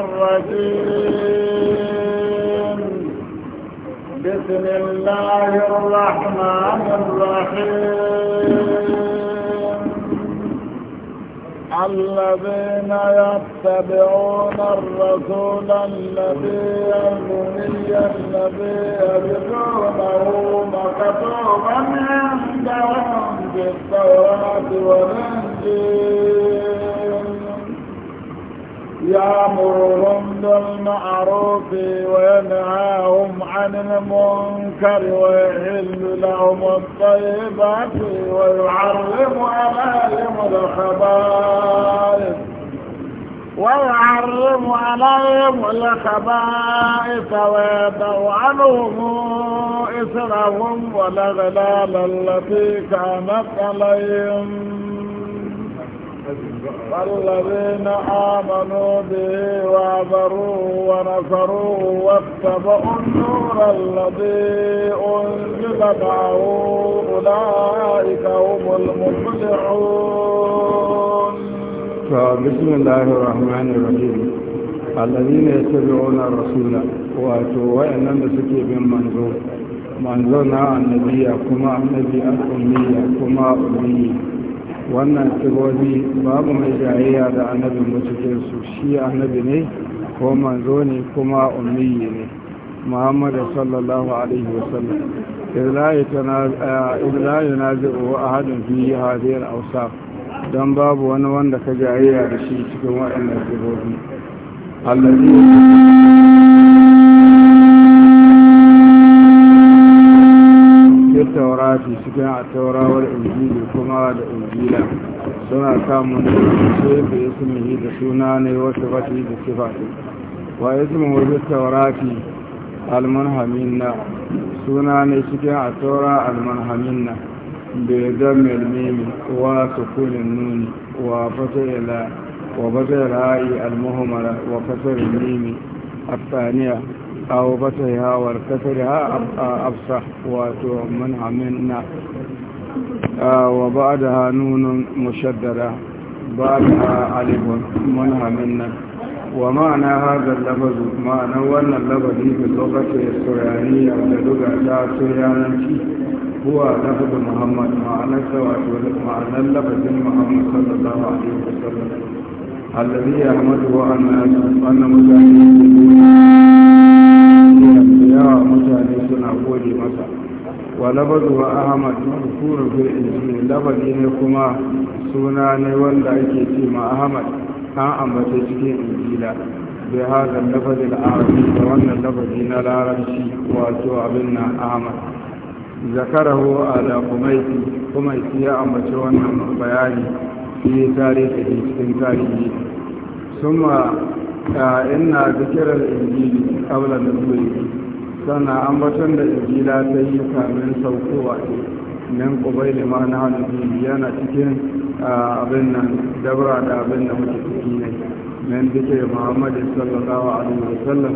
الرجيم بسم الله الرحمن الرحيم الذين يتبعون الرسول الذي يلمني الذي يرجونه مكتوبا عندهم في التوراة والإنجيل يأمرهم بالمعروف وينهاهم عن المنكر ويحل لهم الطيبات ويعلم عليهم الخبائث ويحرم عليهم الخبائث ويدع عنهم إثرهم والأغلال التي كانت عليهم فالذين آمنوا به وعبروا ونصروا واتبعوا النور الذي أنزل معه أولئك هم المفلحون فبسم الله الرحمن الرحيم الذين يتبعون الرسول واتوا وإنما سكي منظور منزولنا النبي كما النبي الأمية كما أمية wannan sigobi babu mai jayayya da annabin mutukin su shi annabi ne ko manzo ne kuma ummiyi ne muhammad sallallahu alaihi wasallam na zai wa fi hadhihi al ausa don babu wani wanda ka jayayya da shi cikin waɗannan sigobi allazi cikin taurati cikin a taurawar injili kuma da injila suna samun shefe ya sumihi da suna ne wasu fati da sifati wa ya zama wajen almanhamin na suna ne cikin a taura da bai zama ilmimi wa sukunin nuni wa fata ila wa fata ila'i almuhammara wa fata ilmimi a tsaniya أو بطرها أفصح وتؤمنها منا وبعدها نون مشددة بعدها ألف منها منا ومعنى هذا اللفظ معنى وأن اللفظ في اللغة السريانية ولغة سريانية هو لفظ محمد معنى سواء معنى اللفظ محمد صلى الله عليه وسلم الذي يحمده أن أن مجاهدين yawa mutane suna gode masa wa labazu wa ahmad mashhurun fil injil labazi ne kuma suna ne wanda ake ce ma ahmad kan ambace cikin injila bai hada lafazin arabi da wannan lafazi na larabci wato abin nan ahmad zakarahu ala kumaiti kumaiti ya ambace wannan bayani fi tarihi cikin tarihi summa inna zikirar injili da nuzuli sannan ambatan da injila ta yi kamin saukowa nan kubai da hannun hannu yana cikin abin nan dabra da abin da muke ciki ne min dike muhammadu sallallahu alaihi wasallam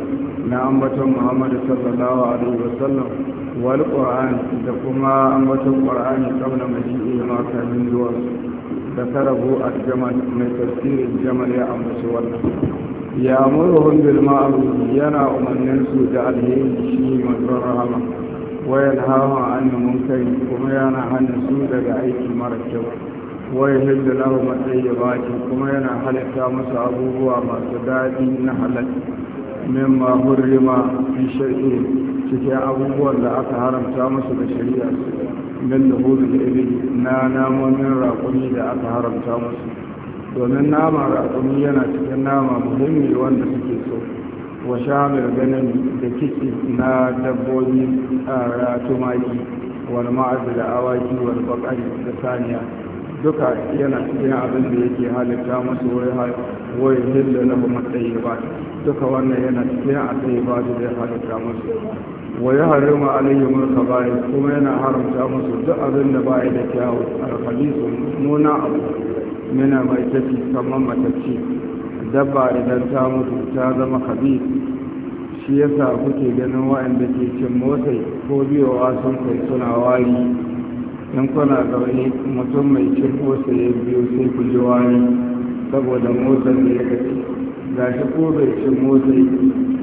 na ambaton muhammadu sallallahu alaihi wasallam wal qur'an da kuma ambaton qur'ani mai maji'i ma kamin zuwa da karabu a jaman mai tafsirin jaman ya ambaci wannan ya murhun bil ma'ruf yana umarnin su da alheri shi manzon rahama wayan hawa an munkari kuma yana hana su daga aiki mara kyau wayan hilda lahu matsayi kuma yana halitta musu abubuwa masu daɗi na halatta mimma hurrima fi shari'i cikin abubuwan da aka haramta musu da shari'a min da hudu da na namomin raƙumi da aka haramta musu domin nama raƙumi yana cikin nama muhimmi wanda suke so wa shamir ganin da kiki na dabbobi a tumaki wani ma'azi da awaki wani bakari da saniya duka yana cikin abin da yake halitta masu wai hillu na kuma tsaye ba duka wannan yana cikin a tsaye ba da halitta masu wa ya harima alayhi mun kabari kuma yana haramta musu duk abin da ba da kyawu alhadisu nuna abu yana mai tafi kamar matacci dabba idan ta mutu ta zama habib shi yasa kuke ganin waɗanda ke cin motsai ko biyowa sun kai suna wari in kuna zaune mutum mai cin motsai ya biyo sai ku ji wari saboda motsa da ya kace ga shi ko bai shi motsi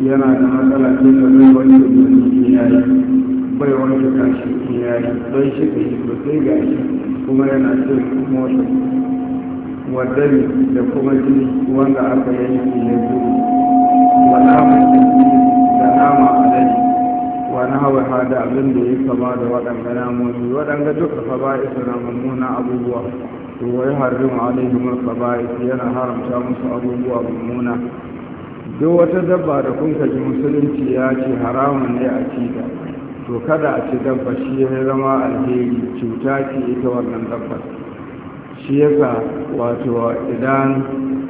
yana da matsala ce ta zai wanke gani in yayi bai wanke kashi in yayi don shi ka yi sosai ga shi kuma yana cin motsi wadani da kuma jini wanda aka yi yanki ya zuru wa nama da nama alai wa na hawa hada abin da ya kama da waɗanda namomi waɗanda duka fa ba isa na mummuna abubuwa to wai harbin alaihim al-khaba'ith yana haramta musu abubuwa mummuna duk wata dabba da kun kaji musulunci ya ce haramun ne a ci to kada a ci dabba shi ya zama alheri cuta ce ita wannan dabba shi yasa wato idan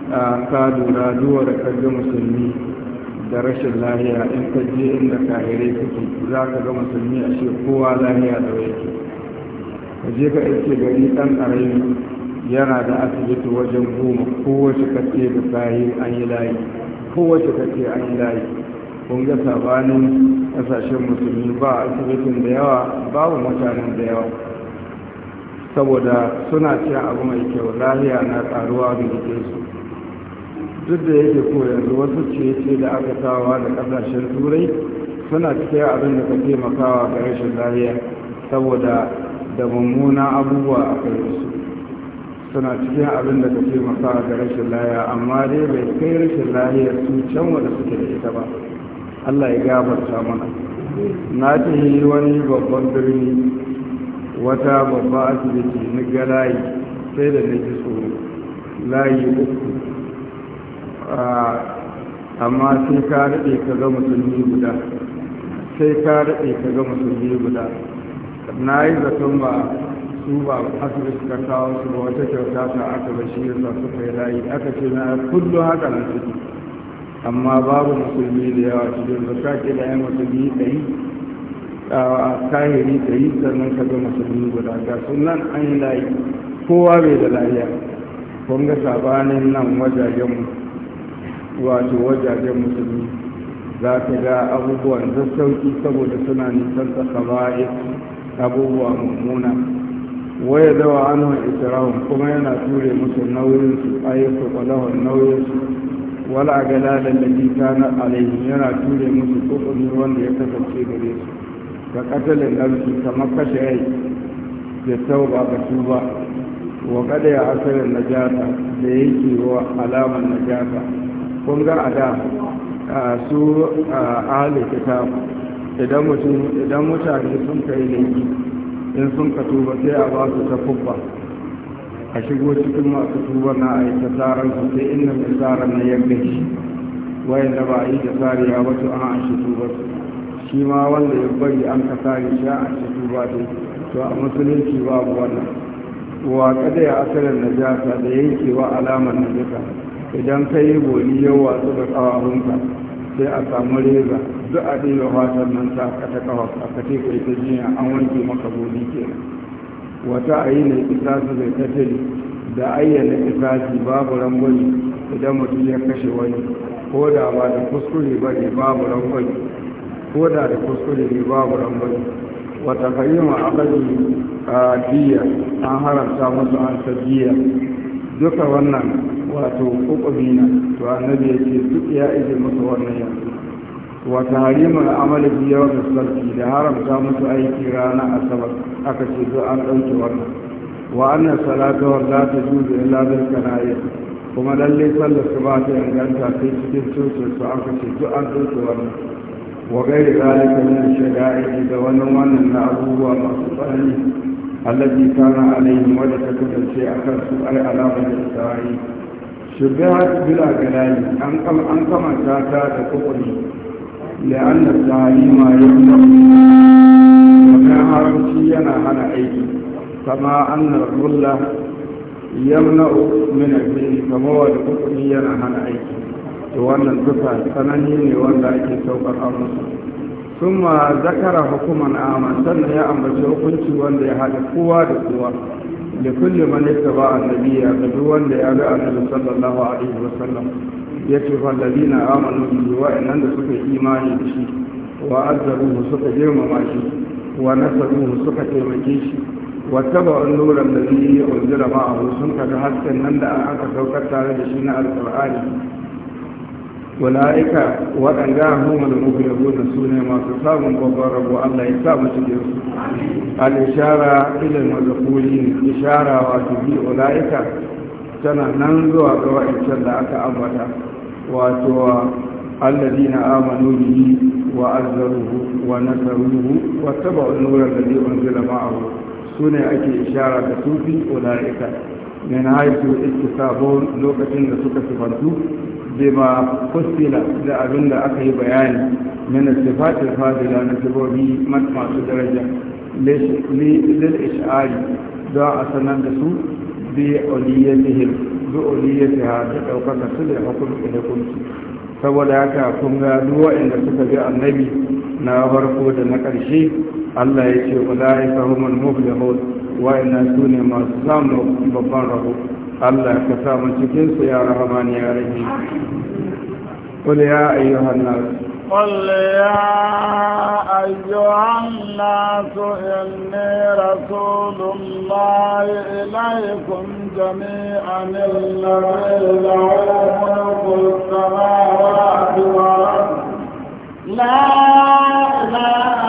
ka lura duwar kaga musulmi da rashin lahiya in ka je inda kahirai suke za ka ga musulmi a kowa lahiya da yake ka je ka iske gari ɗan ƙarami yana da asibiti wajen goma kowace kace da sahi an yi layi kowace kace an yi layi kun ga sabanin kasashen musulmi ba asibitin da yawa babu mutanen da yawa saboda suna cin abu mai kyau lahiya na taruwa da su duk da yake ko yanzu wasu ce da aka kawo da kasashen turai suna cike abin da ka taimakawa ga rashin lahiya saboda da mummuna abubuwa a kai su suna cikin abin da kake masa ga rashin laya amma dai bai kai rashin lahiyar su can wanda suke da ita ba Allah ya gafarta mana na ce wani babban birni wata babba asibiti na ga layi sai da na ji tsoro layi uku ah, amma sai ka daɗe ka ga musulmi guda sai ka daɗe ka ga musulmi guda na yi zaton ba su ba da suka kawo su ba wata kyauta ta aka ba shi yasa suka yi layi aka ce na kullu haka na ciki amma babu musulmi da yawa cikin zaka ke da yan musulmi a kahiri ɗari sannan ka ga musulmi guda ga sunan an yi layi kowa bai da layiya kun ga sabanin nan wajajen wato wajajen musulmi za ka ga abubuwan sassauki saboda suna nisan tsakaba'i abubuwa mummuna waya zawa anhu isra'un kuma yana ture musu nauyin su ayyuka kwalahun nauyin su wala gala da lalita na alaihi yana ture musu kokoni wanda ya kasance gare su ga katalin ɗarki kamar kashe rai da tauba ga tuba wa kada ya asirin najasa da yake wa alamar najasa kun ga ada su ahalin kitab idan mutane sun kai laifi in sun ka tuba sai a ba su ta kubba a shigo cikin masu tuba na a yi su sai inda mai tasaran na yadda shi wayan da ba a yi tsari a wasu an an shi tuba shi ma wanda ya bari an ka sare shi an shi tuba su to a musulunci babu wannan wa kada ya asalin najasa da yankewa alamar najasa idan ka yi boli yau wasu da hunka sai a samu reza duk a ɗaya fatan nan ta kata kawo a ce kai ta jiya an wanke maka gobe ke wata a yi na isasu zai tattali da ayyana isasi babu rangwani idan mutum ya kashe wani ko da ba da kuskure ba ne babu rangwani ko da da kuskure ne babu rangwani wata kayyama a kaji a jiya an haramta musu an ta jiya duka wannan wato kukubina to annabi ya ce duk ya ije masa wannan yanzu wa tahrimul amali bi yawm as-sabt da haramta musu aiki rana asabar aka ce zo an dauke wannan wa anna salata wa la tajuzu illa bil kanayi kuma lalle sallar su ba ta inganta sai cikin cocin su aka ce duk an dauke wannan wa gairi zalika min shaga'i da wani wannan na abubuwa masu tsanani allati kana alaihim wa ta kasance akan su al'alamu da isra'ila shiga bila galali an kamanta ta da kukuri la'annar zalima ya fi wannan haramci yana hana aiki kama annar rulla ya na mina biyu kama wadda kukuri yana hana aiki to wannan duka sanani ne wanda ake saukar amurka sun ma zakara hukuman amur sannan ya ambaci hukunci wanda ya haɗa kowa da kowa da kulle manista ba a nabiya ga duk wanda ya ga annabi sallallahu alaihi wasallam ya ce fallabi na amanu bihi wa'annan da suka imani da shi wa azzaruhu suka girmama shi wa nasaruhu suka taimake shi wa taba nuran da zai yi unzira ma'ahu sun kaga hasken nan da aka saukar tare da shi na alkur'ani wala'ika waɗanda hukumar mufilabo da su ne masu samun babban rabo allah ya sa mutu da su al'ishara ilin mazakuli ishara wato bi wala'ika tana nan zuwa ga wa'ancan da aka ambata wato allazi na amanu bihi wa azzaruhu wa nasaruhu wa taba da zai unzila ma'ahu su ne ake ishara da sufi ula'ika min haitu iktisabun lokacin da suka sifantu bima fusila da abin da aka yi bayani min sifatil fadila na sibobi masu daraja lil ishari don a sanar da su bi oliyatihim bi oliyatiha da daukar da su da hukunci hukunci saboda haka kun ga duk inda suka bi annabi na farko da na ƙarshe Allah ya ce mobile humul muflihun wa'annan sune masu samun babban raho. الله كتاب الشكين يا رحمن يا رحيم قل يا أيها الناس قل يا أيها الناس إني رسول الله إليكم جميعا الذي له ملك السماوات والأرض لا إله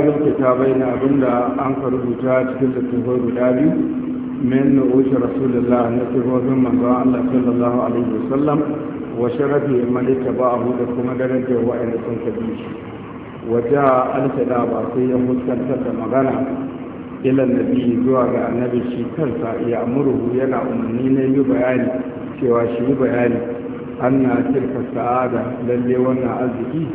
bincika ta na abinda an ka rubuta cikin littattafai guda biyu min wuce rasulullah na sirrofin manzon allah sallallahu alaihi wasallam wa sharafi malika ba abu da kuma darajar wa'anda sun kabi shi wata alfada ba sai ya fuskantar da magana ilan nabi zuwa ga annabi shi kansa ya murhu yana umarni na yi bayani cewa shi yi bayani an na tilka sa'ada lalle wannan arziki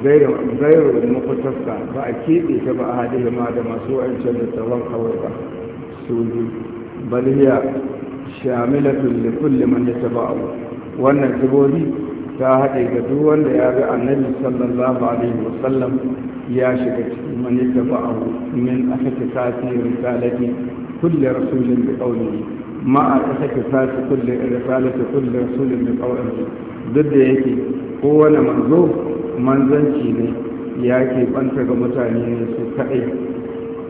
gairu da makwatasta ba a keɓe ta ba a hadihi ma da masu wa'ancan da tawon kawai ba su ne baliya shamilatun da kulle man da taba'u wannan tabori ta haɗe ga duk wanda ya ga annabi sallallahu alaihi wasallam ya shiga cikin man da taba'u min a sake tasirin risalati kulle rasulun da ƙauni ma a sake tasirin kulle risalati kulle rasulun da ƙauni duk da yake kowane manzo manzanci ne ya ke banta ga mutane ne su kaɗai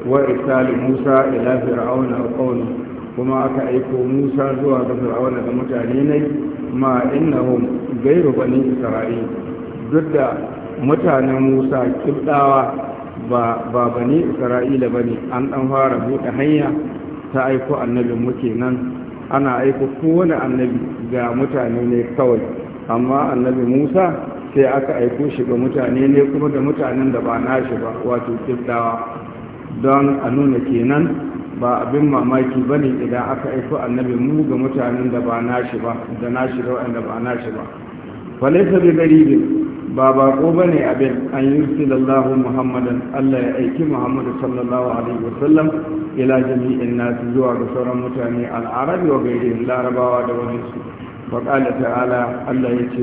wa isali musa ila fir'auna a ƙaunin kuma aka aiko musa zuwa ga fir'auna da mutane ne ma innahum gairu bani isra'il duk da mutanen musa kibdawa ba ba bani isra'ila bane an dan fara buɗe hanya ta aiko annabin muke nan ana aiko kowane annabi ga mutane ne kawai amma annabi musa sai aka aiko shi ga mutane ne kuma da mutanen da ba nashi ba wato kiddawa don a nuna kenan ba abin mamaki ba ne idan aka aiko annabi mu ga mutanen da ba nashi ba da nashi da wa'anda ba nashi ba falaisa bi garibin ba bako ba ne abin an yi sallallahu muhammadan allah ya aiki muhammadu sallallahu alaihi wasallam ila jami'in nasu zuwa ga sauran mutane al'arabi wa gairin larabawa da wani su faƙala ta'ala allah ya ce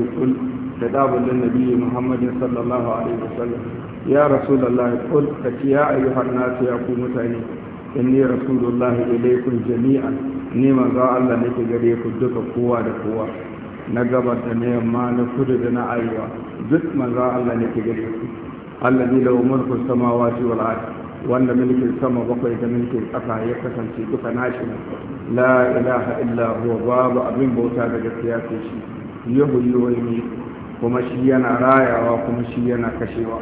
خطاب للنبي محمد صلى الله عليه وسلم يا رسول الله قل يا أيها الناس يا قومتني إني رسول الله إليكم جميعا نما ذا الله نكي غريكم دك قوة قوة نقبت نيما نفردنا أيوة دك ما ذا الله نكي غريكم الذي له ملك السماوات والأرض wanda mulkin sama bakwai da mulkin ƙasa ya kasance duka nashi la ilaha illa huwa babu abin bauta da gaskiya ce shi yahu yi kuma shi yana rayawa kuma shi yana kashewa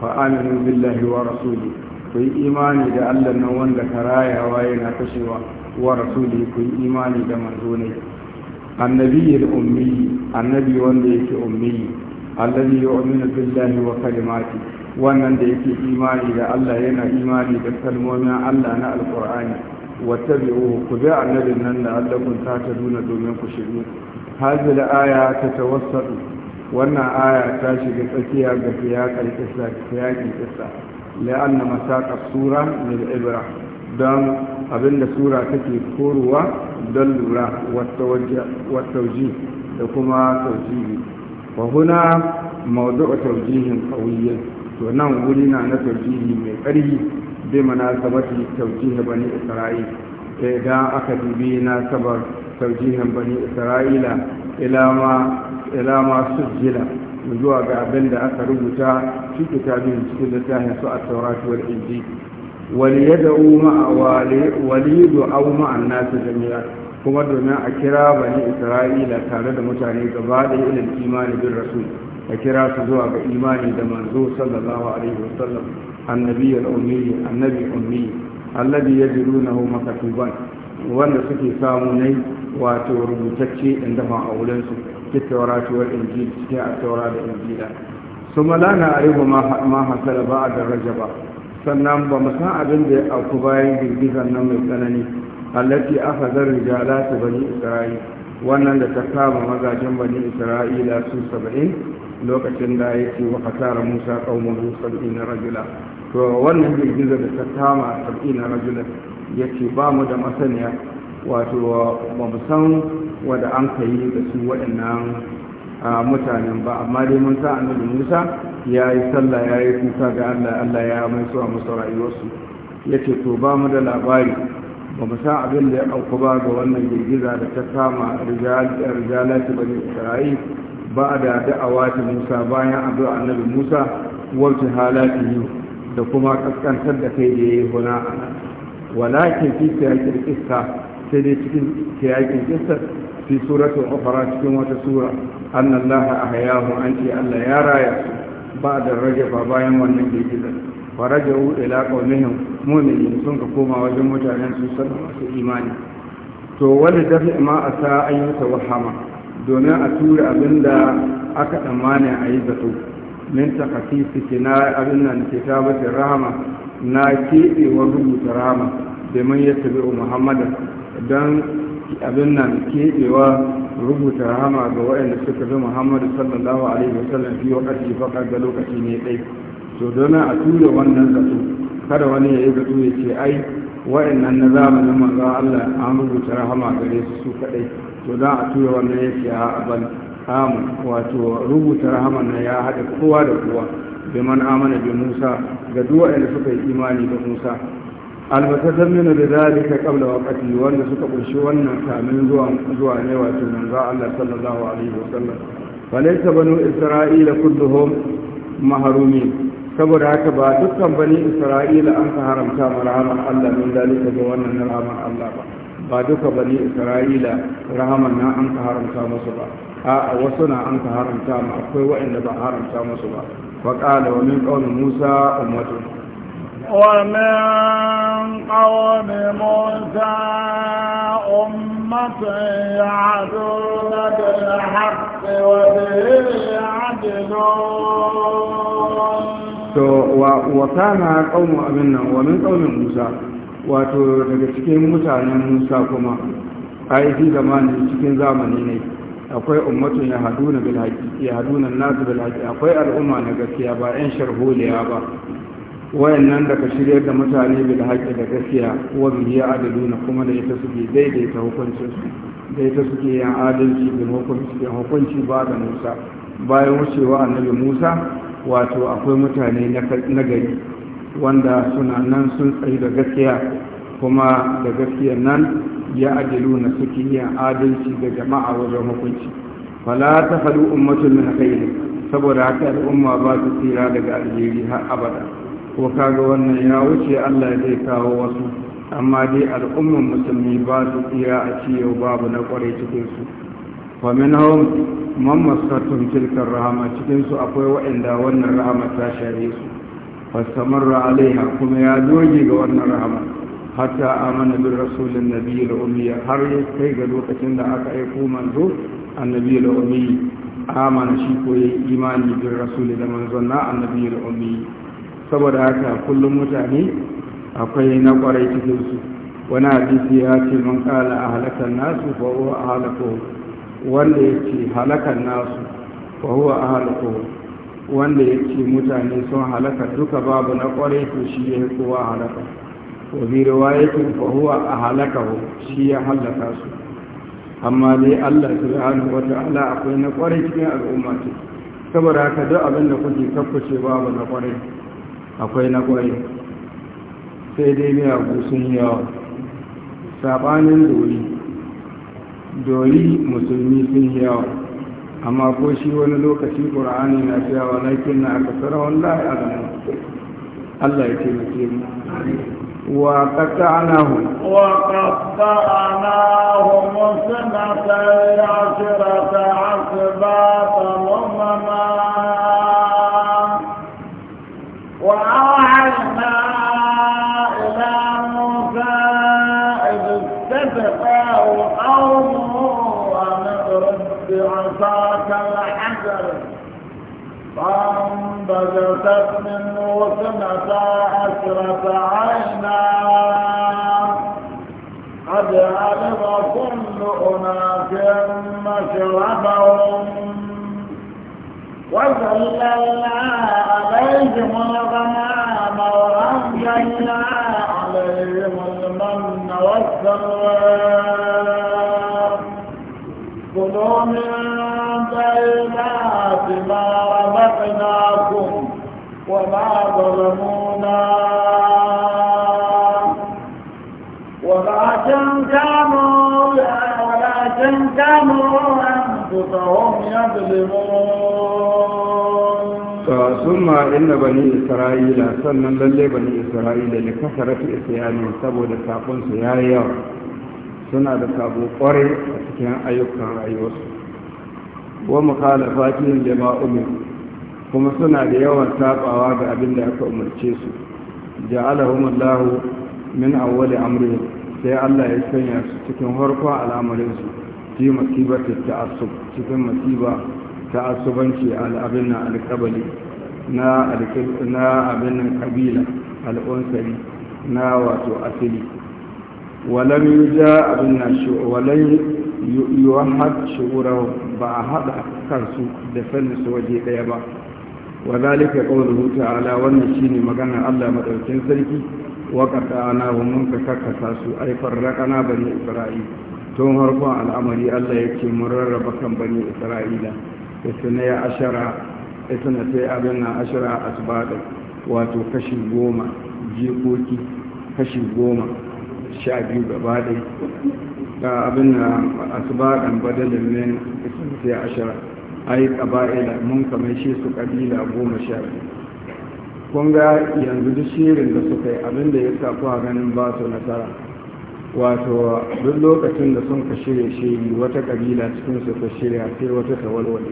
fa aminu billahi wa rasuli ku yi imani da Allah nan wanda ka rayawa yana kashewa wa rasuli ku yi imani da manzo ne annabi ummi annabi wanda yake ummi alladhi yu'minu billahi wa kalimati wannan da yake imani da Allah yana imani da kalmomin Allah na alqur'ani wattabi'uhu ku bi annabin nan da Allah kun ta nuna domin ku shiru hadhihi al-aya tatawassatu wannan aya ta shiga tsakiya ga siyaƙar kisa siyaƙin kisa la'anna masaƙa sura lil ibra don abinda sura take korowa don lura wajen da kuma taujihi wa huna mawdu'u taujihin qawiyyin to nan wuri na na taujihi mai ƙarfi bi munasabati taujihi bani isra'il idan aka dubi na sabar taujihin bani isra'ila ila ma sujjila zuwa ga abin da aka rubuta shi kitabin cikin littafin su a taurati wal inji wali yad'u ma'a wali yad'u a nas jami'a kuma domin a kira bani isra'ila tare da mutane gaba da ilin imani bin rasul a kira su zuwa ga imani da manzo sallallahu alaihi wasallam annabi al-ummi annabi ummi alladhi yajidunahu maktuban wanda suke samu nai. wato rubutacce in dafa a wurinsu ke taurati wa injil cikin a taura da injila su malana a yi ma hasala ba a daraja ba sannan ba mu san abin da ya auku bayan girgizar nan mai tsanani allati aka zar rijala ta bani isra'ila wannan da ta kama mazajen bani isra'ila su saba'in lokacin da ya ce wa kasara musa ƙaunar na rajula to wannan girgizar da ta kama na rajula ya ce ba mu da masaniya wato ba mu san wadda an ka yi da su waɗannan mutanen ba amma dai mun sa annabi musa ya yi sallah ya yi kuka ga allah allah ya mai suwa musu rayuwarsu ya ce to ba mu da labari ba mu san abin da ya auku ba ga wannan girgiza da ta kama rijalati bane isra'il ba da da'awa ta musa bayan addu'a annabi musa wata halati da kuma kaskantar da kai da ya yi huna walakin fi ta kirkista sai dai cikin kiyakin kistar fi suratul ukhra cikin wata sura a allaha ahyahu an ce allah ya raya ba da rage ba bayan wannan girgizar farajau ila qaumihim mu'minin sun ka koma wajen mutanen su sallama su imani to wani dafi ma a sa an yi tawahama domin a tura abin da aka tsammanin a yi zato min takasisi na abin nan kitabatin rahama na keɓe keɓewar rubuta rahama da man ya tabi muhammadan don abin nan keɓewa rubuta rahama ga waɗanda suka fi muhammadu sallallahu alaihi wasallam fi wakati faka ga lokaci ne ɗai to don a tura wannan zato kada wani ya yi zato ya ce ai waɗannan na zamanin manzo Allah an rubuta rahama gare su su kaɗai to don a tura wannan ya ce a ban amu wato rubuta rahama na ya haɗa kowa da kowa man amana bi Musa ga duwa da suka yi imani da Musa almutasamminu da zalika qabla wakati, wanda suka kunshi wannan kamin zuwa zuwa ne wato manzo Allah sallallahu alaihi wa wasallam falaysa banu isra'ila kulluhum maharumi. saboda haka ba dukkan bani isra'ila an ka haramta ma rahamar Allah min zalika da wannan rahama Allah ba ba dukkan bani isra'ila rahamar na an ka haramta musu ba a wasu na an ka haramta ma akwai waɗanda ba haramta musu ba wa qala wa min qawli musa ummatun ومن قوم موسى أمة يعدون بالحق وبه يعدلون وكان قوم أبنا ومن قوم موسى wato daga cikin mutanen musa kuma a yi zamanin cikin zamani ne akwai ummatun ya haduna bilhaki ya haduna nasu bilhaki akwai al'umma na gaskiya ba 'yan sharholiya ba wayannan da ka shirya da mutane da haƙƙi da gaskiya wa bihi adaluna kuma da ita suke daidaita hukuncin su da ita suke yin adalci da hukunci da hukunci ba da Musa bayan wucewa annabi Musa wato akwai mutane na gari wanda suna nan sun tsayi da gaskiya kuma da gaskiya nan ya adaluna suke yin adalci da jama'a wajen hukunci fala ta faɗi ummatun min khairin saboda haka al'umma ba su tsira daga alheri har abada ko kaga wannan ya wuce allah zai kawo wasu amma dai al'ummar musulmi ba su tsira a ciyau babu na kwarai cikinsu wa min hau man maskatun tilkar rahama cikinsu akwai waɗanda wannan rahama ta share su fastamarra alaiha kuma ya doge ga wannan rahama hatta amana bin rasulun nabi da umiya har ya kai ga lokacin da aka aiko manzo annabi da umiyi amana shi ko imani bin rasulun da manzon na annabi da saboda haka kullum mutane akwai na kwarai cikinsu wani hadisi ya ce man kala a halakan nasu ba huwa a halako wanda ya ce halakan nasu ba huwa a halako wanda ya ce mutane sun halaka duka babu na kwarai to shi ya kowa halaka wa bi ce fa huwa a halaka shi ya halaka su amma dai Allah subhanahu wa ta'ala akwai na kwarai cikin al'umma ce saboda haka duk abin da kuke tabbace babu na kwarai akwai na ƙwari sai dai miyagu sun yawa saɓanin dori dori musulmi sun yawa amma ko shi wani lokaci ƙura'ani na fiya wa laifin na aka sarawar la'ayi a allah ya taimake mu وقطعناهم وقطعناهم سنتي عشرة عشرة وجدت منه سنتا عشرة عينا قد علم كل أناس مشربهم وذللنا عليهم الغمام وأنزلنا عليهم المن والسلام كلوا من طيبات ما رزقناكم وما ظلمونا ولكن كانوا ولكن كانوا أنفسهم يظلمون ثم إن بني إسرائيل سنن للي بني إسرائيل لكثرة إسيانهم سبو لتاقون سيايا سنة لتابو قري أتكين أيوكا أيوس ومخالفاتهم لما أمروا kuma suna da yawan sabawa ga abin da aka umarce su ja'alahumullahu min awwali amri sai Allah ya sanya su cikin harkon al'amarin su fi masibati ta'assub cikin masiba ta'assubanci al'abin na alqabali na na abin kabila al'unsari na wato asili walam yuja abin na shi walam yuwahhad shu'urahu ba a hada kansu da sanin su waje daya ba wa zalika qawluhu ta'ala wannan shine maganar Allah madaukin sarki wa qata'ana wa mun ka kakkasa su ay farraqana bani isra'il tun harfa al'amari Allah yake mun rarraba kan bani isra'ila isna ya ashara isna sai abin na ashara asbada wato kashi goma jikoki kashi goma sha biyu gaba dai abin na asbadan badalin ne isna sai ashara yi ƙaba'ila mun kamar shi su ƙabila goma sha kun ga yanzu duk shirin da suka yi da ya sa kuwa ganin ba su nasara wato duk lokacin da sun ka shirya shiri wata ƙabila cikin su ta shirya sai wata tawalwale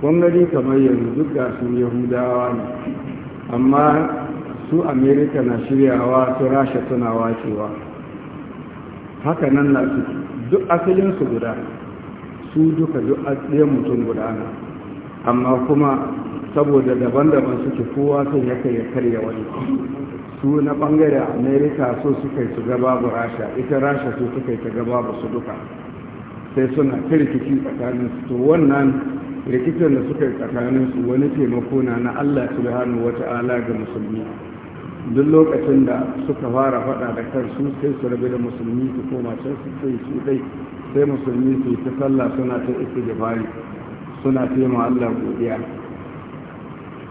kun kamar yanzu duk ga su yahudawa ne amma su amerika na shiryawa su rasha suna wacewa haka nan na su duk asalinsu guda su duka duk ɗaya mutum guda na, amma kuma saboda daban-daban suke kowa sun ya kai ya karya wani su na bangare amerika so suka yi su gaba bu rasha ita rasha so suka yi ta gaba bu su duka sai suna ta rikici tsakanin su to wannan rikicin da suka yi tsakanin su wani taimako na na allah subhanahu wata'ala ga musulmi duk lokacin da suka fara faɗa da kansu sai su rabu da musulmi su koma can su sai su dai sai musulmi su ta sallah suna ta istighfari suna ta yi ma'allar godiya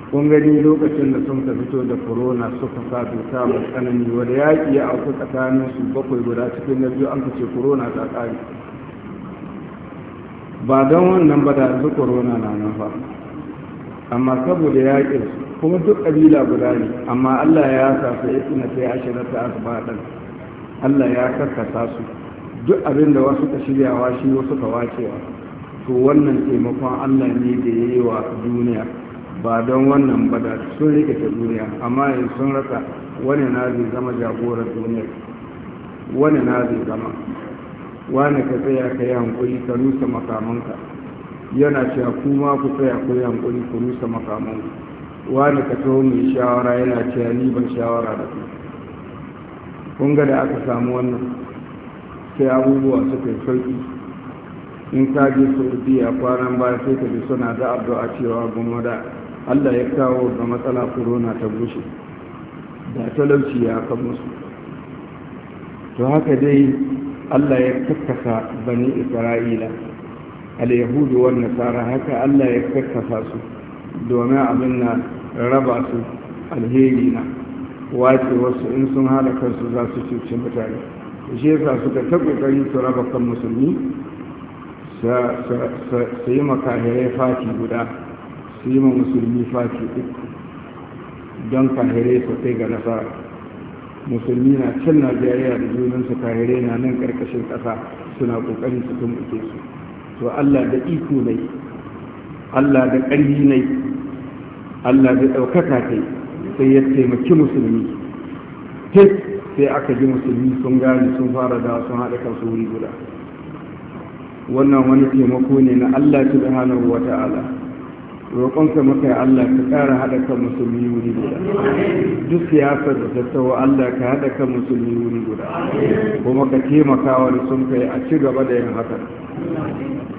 kun gani lokacin da sun ka fito da corona suka sa ta mai tsanani wanda yaƙi ya auku tsakanin su bakwai guda cikin na biyu an ka ce corona ta ƙare ba don wannan ba da yanzu corona na nan ba, amma saboda yaƙin kuma duk ƙabila guda ne amma Allah ya sa su ya tsina sai ashirar ta asibatan Allah ya karkata su duk abin da wasu ka shiryawa shi wasu ka wacewa to wannan taimakon allah ne da ya yi wa duniya ba don wannan ba da sun rike ta duniya amma yanzu sun rasa wani na zai zama jagorar duniya wani na zai zama wani ka tsaya ka yi hankuli ka rusa makamanka yana cewa kuma ku tsaya ku yi hankuli ku rusa makamanku wani ka taho mai shawara yana cewa ni ban shawara da ku kun ga da aka samu wannan sai abubuwa suka yi sauki in ka je saudiya kwanan baya sai ka ji suna da addu'a cewa goma da allah ya kawo ga matsala corona ta bushe da talauci ya kan musu to haka dai allah ya kakkasa bani isra'ila al-yahudu nasara haka allah ya kakkasa su domin abin na raba su alheri na wace wasu in sun hada kansu za su cuci mutane shi yasa suka ta yin su raba kan musulmi su yi makahirai fati guda su yi ma musulmi fati uku don kahirai su kai ga nasara musulmi na can jariya da junansu kahirai na nan karkashin kasa suna ƙoƙarin su tumɓuke su to allah da iko ne allah da ƙarfi ne allah da ɗaukaka kai sai ya taimaki musulmi tek sai aka ji musulmi sun gane sun fara da sun haɗa kansu wuri guda wannan wani taimako ne na Allah subhanahu wa ta'ala roƙonka maka ya Allah ka ƙara haɗa kan musulmi wuri guda duk siyasar da tattawa Allah ka haɗa kan musulmi wuri guda kuma ka taimaka wani sun kai a ci gaba da yin haka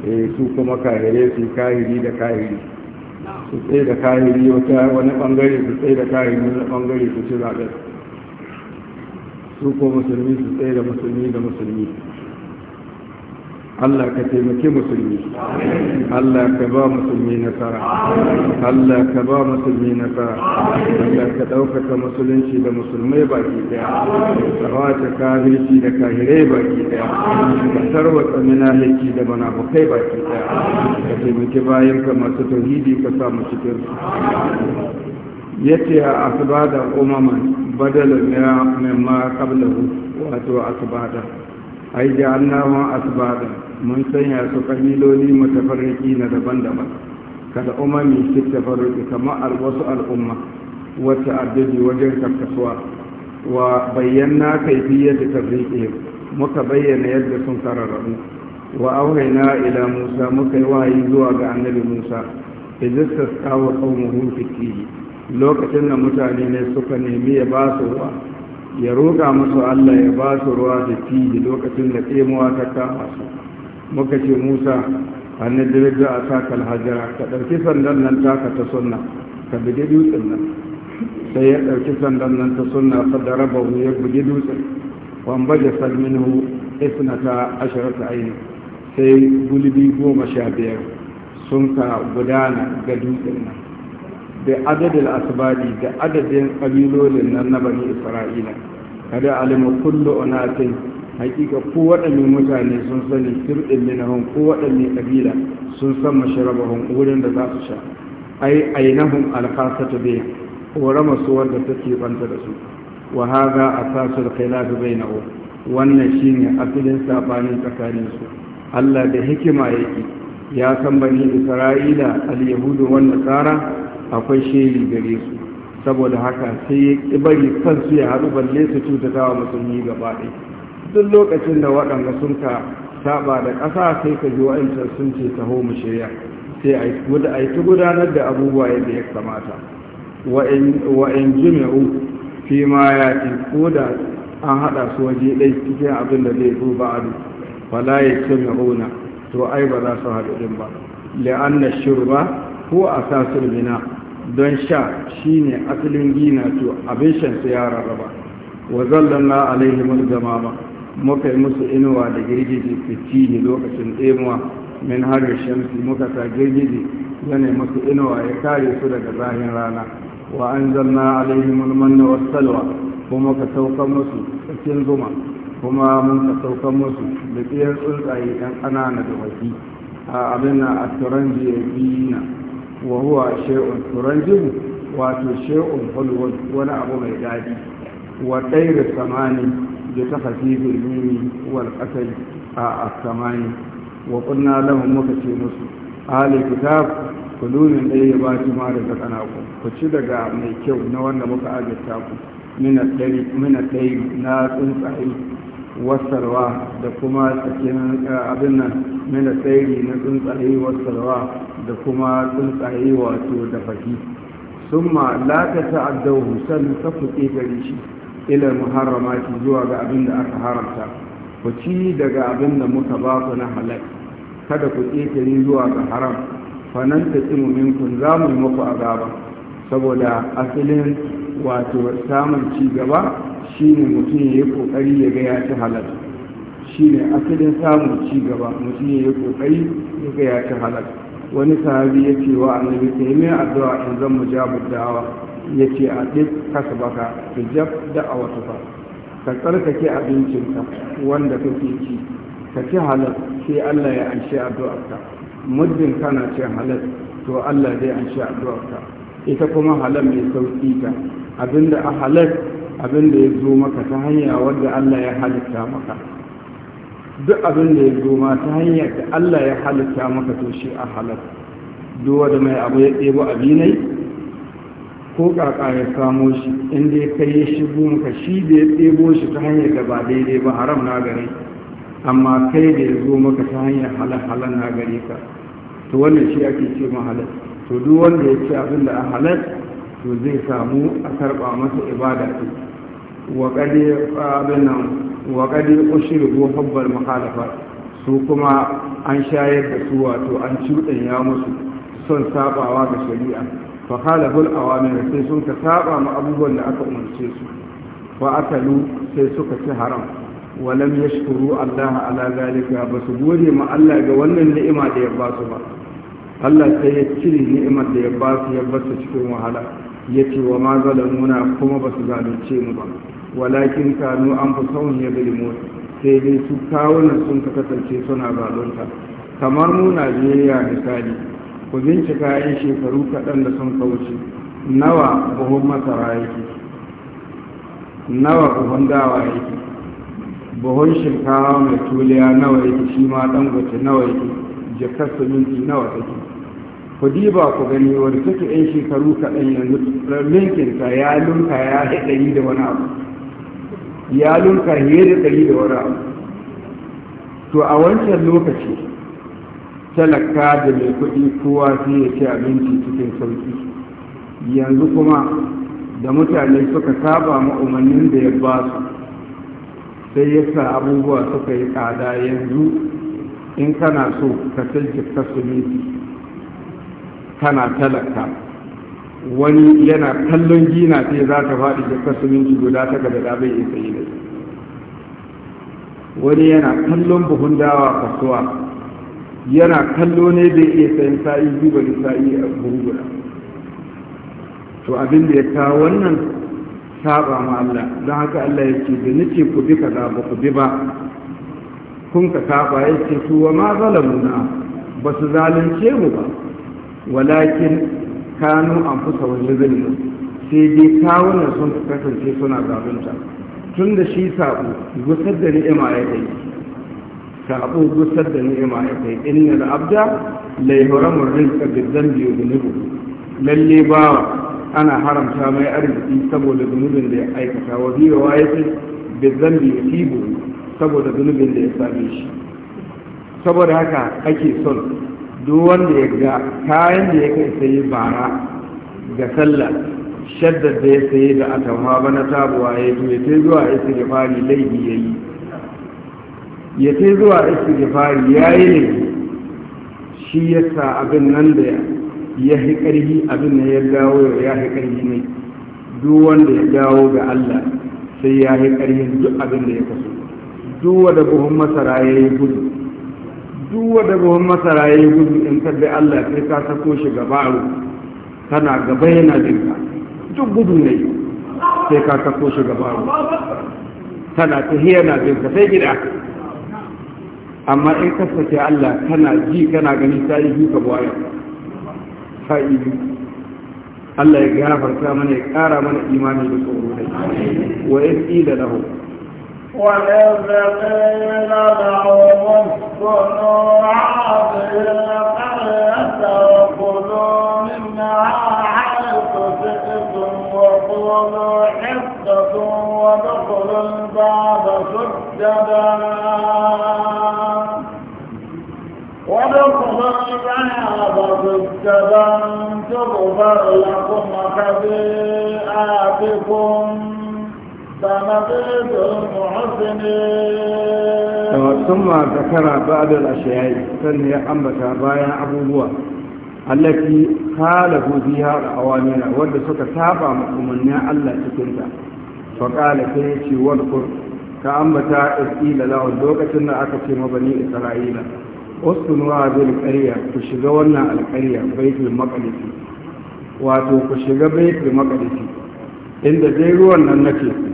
eh, su kuma kahire su kahiri da kahiri su tsaye da kahiri wata wani ɓangare su tsaye da kahiri wani ɓangare su ci zaɓe su ko musulmi su tsaye da musulmi da musulmi Allah ka taimake musulmi Allah ka ba musulmi nasara Allah ka ba musulmi nasara Allah ka ɗaukaka musulunci da musulmai baki daya ka wata kafirci da kahirai baki daya ka tarwata minahiki da munafukai baki daya ka taimake bayan ka masu tauhidi ka samu cikin su yace a da umaman badalin ya mimma kablahu wato asibada ai ja'alnahum asibada mun sanya su kabiloli mutafarriki na daban-daban kada umami su tafarriki kamar wasu al'umma wata addini wajen karkasuwa wa bayyana kaifiyar da tafiye muka bayyana yadda sun kararrabu wa auhaina ila musa muka yi wahayi zuwa ga annabi musa da zista tsawo kawo mahun fitihi lokacin da mutane ne suka nemi ya ba su ruwa ya roƙa musu Allah ya ba su ruwa da fiye lokacin da tsemuwa ta kama su muka ce musa hannun dirga a takal hajjara ka ɗauki sandan nan taka ta sunna ka bude dutsen nan sai ya ɗauki sandan nan ta sunna ta da raba ya bude dutsen wamba da ta ashirar ta aini sai gulbi goma sha biyar sun ka gudana ga dutsen nan da adadin asibadi da adadin ƙabilolin nan na bani isra'ila kada alimu kullu unatin hakika ko waɗanne mutane sun sani sirɗin minahun ko waɗanne ƙabila sun san masharabahun wurin da za su sha ai ainahun alkhasatu bai horama su wanda take banta da su wa haga asasul khilaf bainahu wannan shine asalin sabanin tsakanin su Allah da hikima yake ya san bani isra'ila al-yahudu wan nasara akwai shehi gare su saboda haka sai ya kibari bari kansu ya haɗu balle su cutata wa musulmi gaba ɗaya duk lokacin da waɗanda sun ka saba da ƙasa sai ka ji wa'ancan sun ce taho mu shirya sai a yi ta gudanar da abubuwa yadda ya kamata wa'in jimi'u fi ma ya ce ko da an haɗa su waje ɗai cikin abin da zai zo ba a fala ya ce to ai ba za su haɗu ɗin ba shiru shirba ko a sa bina don sha shine asalin gina to abin shan su ya rarraba wa zallanna Zama ba, muka yi musu inuwa da girgije ne lokacin ɗemuwa min harin shamsi muka sa girgije yana musu inuwa ya kare su daga zahin rana wa an zanna alaihim manna wasalwa kuma ka saukan musu cikin zuma kuma mun ka saukan musu da tsayar tsuntsaye ɗan ƙanana da wasi a abin na a turan jirgina wa huwa turan jirgin wato shay'un hulwar wani abu mai daɗi wa ɗaira samani da ta hafifin birnini wal ƙasar a samani wa kunna lamun muka ce musu ahli kitab kulunin ɗaya ya baci ma da kanaku ku ci daga mai kyau na wanda muka ajiyar ku mina ɗari na tsuntsaye wasarwa da kuma tsakin eh, abin nan mina tsairi na tsuntsaye wasarwa da kuma tsuntsaye wato da faki sun ma lakata addahu san ka fuke gari shi ilar muharramati zuwa ga abin da aka haramta ku ci daga abin da muka ba ku na halal kada ku ƙetare zuwa ga haram fanan ta ci muminkun za mu yi muku azaba saboda asalin wato samun cigaba gaba shine mutum ya yi kokari ya ga ya ci halal ne asalin samun ci mutum ya yi kokari ya ga ya ci wani sahabi ya ce wa annabi ta yi addu'a in zan mu da'awa ya ce a ɗin kasa baka ta jab a wasu ba ka tsarkake abincinka wanda kake ci ka ci halal sai Allah ya anshi addu'arka muddin kana cin halal to Allah zai anshi addu'arka ita kuma halal mai sauki ta abinda a halal abinda ya zo maka ta hanya wadda Allah ya halitta maka duk abinda ya zo ma ta hanya da Allah ya halitta maka to shi a halal duk wanda mai abu ya ɗebo abinai ko kaka ya samo shi inda ya kai ya shigo maka shi da ya ɗebo shi ta hanyar da ba daidai ba haram na gare amma kai da ya zo maka ta hanyar halal halal na gare ka to wannan shi ake ce ma halal to duk wanda ya ci abin da a halal to zai samu a karɓa masa ibada ce wa ƙade ƙushiru ko habbar makalafa su kuma an shayar da su wato an ya musu son sabawa ga shari'a fa halafin awamir sai sun ka saba ma abubuwan da aka umarce su fa akalu sai suka ci haram walam yashkuru allaha ala zalika ba su gode ma allah ga wannan ni'ima da ya ba su ba Allah sai ya cire ni'imar da ya ba su ya bar su cikin wahala ya ce wa ma zalamuna kuma ba su zalunce mu ba walakin kanu an fi sauyin ya zalimu sai dai su kawunan sun ka kasance suna zalunta kamar mu najeriya misali ku bincika yan shekaru kaɗan da sun kauce nawa buhun masara yake nawa buhun dawa yake buhun shinkawa mai tuliya nawa yake shi ma dangote nawa yake jakar siminti nawa take ku diba ku gani wani suke yan shekaru kaɗan yanzu linkinsa ya lunka ya yi ɗari da wani abu ya lunka fiye da ɗari da wani abu to a wancan lokaci talaka da mai kuɗi kowa sai ya ci abinci cikin sauƙi yanzu kuma da mutane suka saba ma'umannin da ya ba su sai ya sa abubuwa suka yi tsada yanzu in kana so ka sai jikka su tana talaka wani yana kallon gina sai za ta faɗi da kasuminci guda ta gaba da bai isa yi da wani yana kallon buhun dawa kasuwa yana kallo ne bai iya sayan sa'i zuba da sa'i a gurgura guda to abin da ya kawo wannan saba ma Allah don haka Allah ya ce da nake ku bi kaza ba ku bi ba kun ka saba ya ce su wa ma zalamuna ba su zalunce mu ba walakin kanu an fusa wani zulmi sai dai kawunan sun kasance suna zalunta tun da shi sabu gusar da ni'ima ya kai sabu gusar da ni'ima ya kai inna da abda laihoramun rinka bizan wa zunubu lalle bawa ana haramta mai arziki saboda zunubin da ya aikata wa biyu wa ya ce bizan biyu saboda zunubin da ya same shi saboda haka ake son duk wanda ya ga kayan da ya kai sayi bara ga sallah shaddar da ya sayi da ba bana tabuwa ya yi ya zuwa fari laifi ya yi ya ce zuwa fari ya yi laifi shi sa abin nan da ya fi ƙarfi abin da ya dawo ya fi ƙarfi ne duk wanda ya dawo ga Allah sai ya fi ƙarfin duk abin da ya kasu duk wanda buhun masara ya yi gudu duk wanda ruwan masara ya yi gudu in ka Allah sai ka sako shi gaba a Tana gaba yana jin duk gudu ne sai ka sako shi gaba a tana ta yana na ka sai gida amma in ka sake Allah tana ji kana gani ta yi duka buwaya ta yi Allah ya gafarta mana ya kara mana imani da tsoro wa da lahu وإذ قيل لهم اسكنوا هذه القرية وكلوا منها حيث وقولوا حصة وادخلوا الباب سجدا وادخلوا لكم خطيئاتكم daga sama zakara ba'adar a shayayi kan ya ambata bayan abubuwa allafi halafu biya da awamina wadda suka taba makamannin allah cikinta faƙala ta yi ciwon kur ka ambata isila lawan lokacin da aka ce mabani isra'ila wasu nuwa zai ku shiga wannan alƙariya baitul maƙalisi wato ku shiga baitul maƙalisi inda dai ruwan nan nace.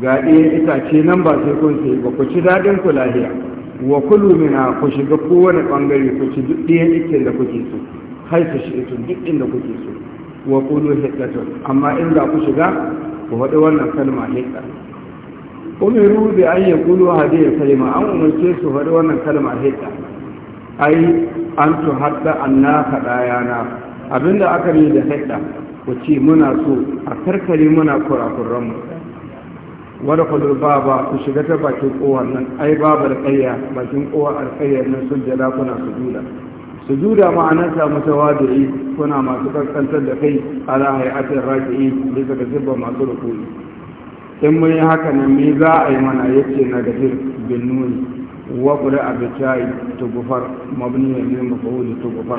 ga ɗaya itace nan ba sai kun sai ba ku ci daɗin ku lahiya wa kulu mina ku shiga kowane ɓangare ku ci duk ɗaya ikin da kuke so hai su shi ikin duk inda kuke so wa kulu hiddatun amma in za ku shiga ku faɗi wannan kalma hidda umiru bi an ya kulu hadiya kalma an umarce su faɗi wannan kalma hidda ai an tu hadda an na faɗa abinda aka yi da hidda ku ce muna so a karkare muna kurakurranmu wani kudur baba ku shiga ta bakin kowar nan ai babu alƙayya bakin kowar alƙayyar nan sun jada kuna sujuda sujuda ma'anarsa yi kuna masu kaskantar da kai ala hayatin raki'i bisa ga zubba masu rukuni in mun yi haka nan me za a yi mana yace na gafir bin nuni wa qura abitai tugufar mabni ne mafuli tugufar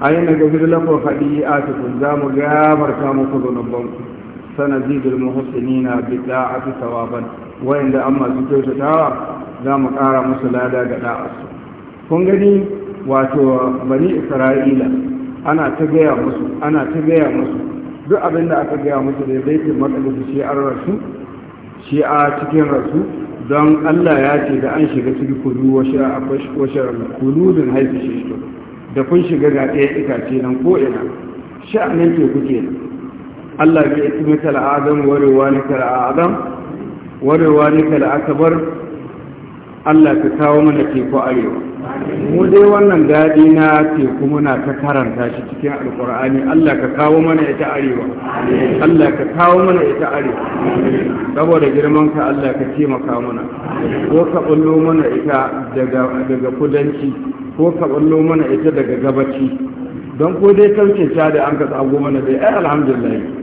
ayi na gafir a cikin za mu gabarta muku ku. sanazid almuhsinina bi da'ati thawaban wayanda amma su kyautatawa za mu ƙara musu lada ga da'arsu kun gani wato bani isra'ila ana ta gaya musu ana ta gaya musu duk abin da aka gaya musu da baitin maqdis shi an rasu shi a cikin rasu don Allah ya ce da an shiga cikin kudu washe kuludin haifi shi da kun shiga ga ɗaya itace nan ko ina sha'anin teku kenan Allah bi ismika al'azam wa riwanika al'azam wa riwanika al'akbar Allah ka kawo mana teku arewa mu dai wannan gadi na teku muna ta karanta shi cikin alkur'ani Allah ka kawo mana ita arewa Allah ka kawo mana ita arewa saboda girman ka Allah ka taimaka mana ko ka bullo mana ita daga daga kudanci ko ka bullo mana ita daga gabaci don ko dai ta da an ka tsago mana dai ai alhamdulillah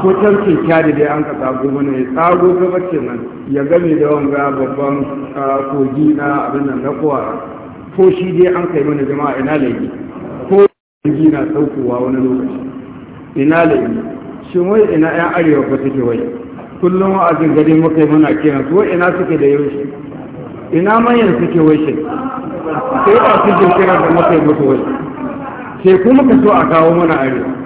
ko tarki kyari dai an ka tsago mana ya tsago gaba kenan ya game da wanga babban kogi na abin nan na kowa ko shi dai an kai mana jama'a ina laifi ko kogi na saukowa wani lokaci ina laifi shi wai ina yan arewa ko take wai kullum a wa'azin gari muka yi mana kenan su ina suke da yaushe ina manyan suke wai shi sai a cikin kiran da muka yi musu wai sai kuma ka so a kawo mana arewa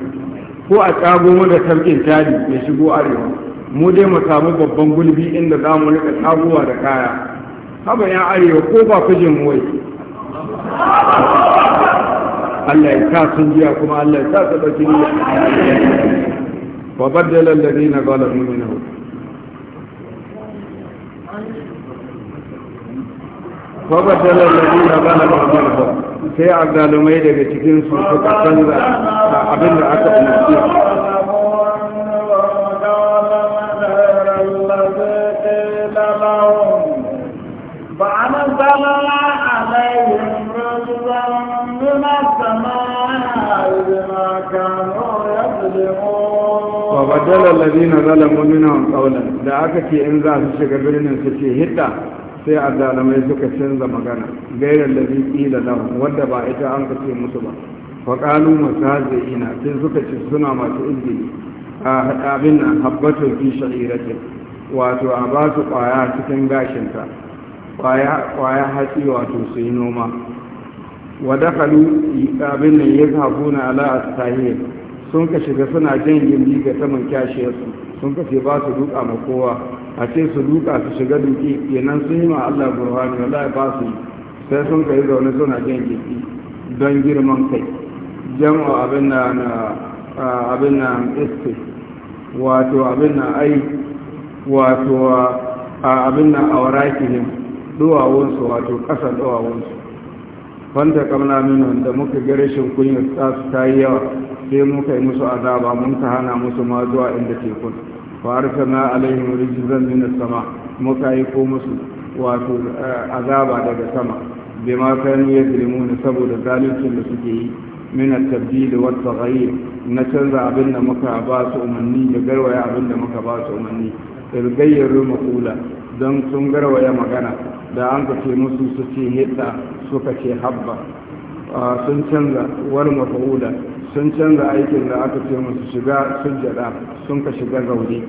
ko a tsago mana tarkin tari ya shigo arewa mu dai mu samu babban gulbi inda za mu rika tsagowa da kaya haba ya arewa ko ba ku jin wai Allah ya sa sun jiya kuma Allah ya sa su ɗauki niyya wa baddala alladhina zalamu minhum wa baddala alladhina zalamu minhum sai azzalumai daga cikin su suka canza abin da aka umarci وبدل الذين ظلموا منهم قولا da aka ce in za su shiga birnin su hidda sai azalamai suka canza magana gairar da zai da lahu wadda ba ita an ka ce musu ba faƙalu masu ina sai suka ce suna masu izini a abin nan habbatu fi sha'iratin wato a ba su ƙwaya cikin gashinta ƙwaya hatsi wato su yi noma wa dakalu abin nan ya zafu na ala sun ka shiga suna jin yin ga saman kyashiyarsu sun ka ba su duka ma kowa a ce su duka su shiga duki kenan sun yi ma Allah burhani wallahi ba su sai sun kai zaune suna jin jiki don girman kai Jan abin na abin na iske wato abin na ai wato abin na aurakihim duwawunsu wato ƙasa duwawunsu wanda kamna min da muka ga rashin kunyar tasu ta yi yawa sai muka yi musu azaba mun ta hana musu ma zuwa inda kun. فارسلنا عليهم رجزا من السماء ko musu wato azaba daga sama بما كانوا يظلمون saboda zalincin da suke yi min at-tabdil wa at na canza abin da muka ba su umarni da garwaya abin da muka ba su umarni irgayyaru maqula don sun garwaya magana da an ka ce musu su ce hidda suka ce habba sun canza war maqula sun canza aikin da aka ce musu shiga jada sun ka shiga zaune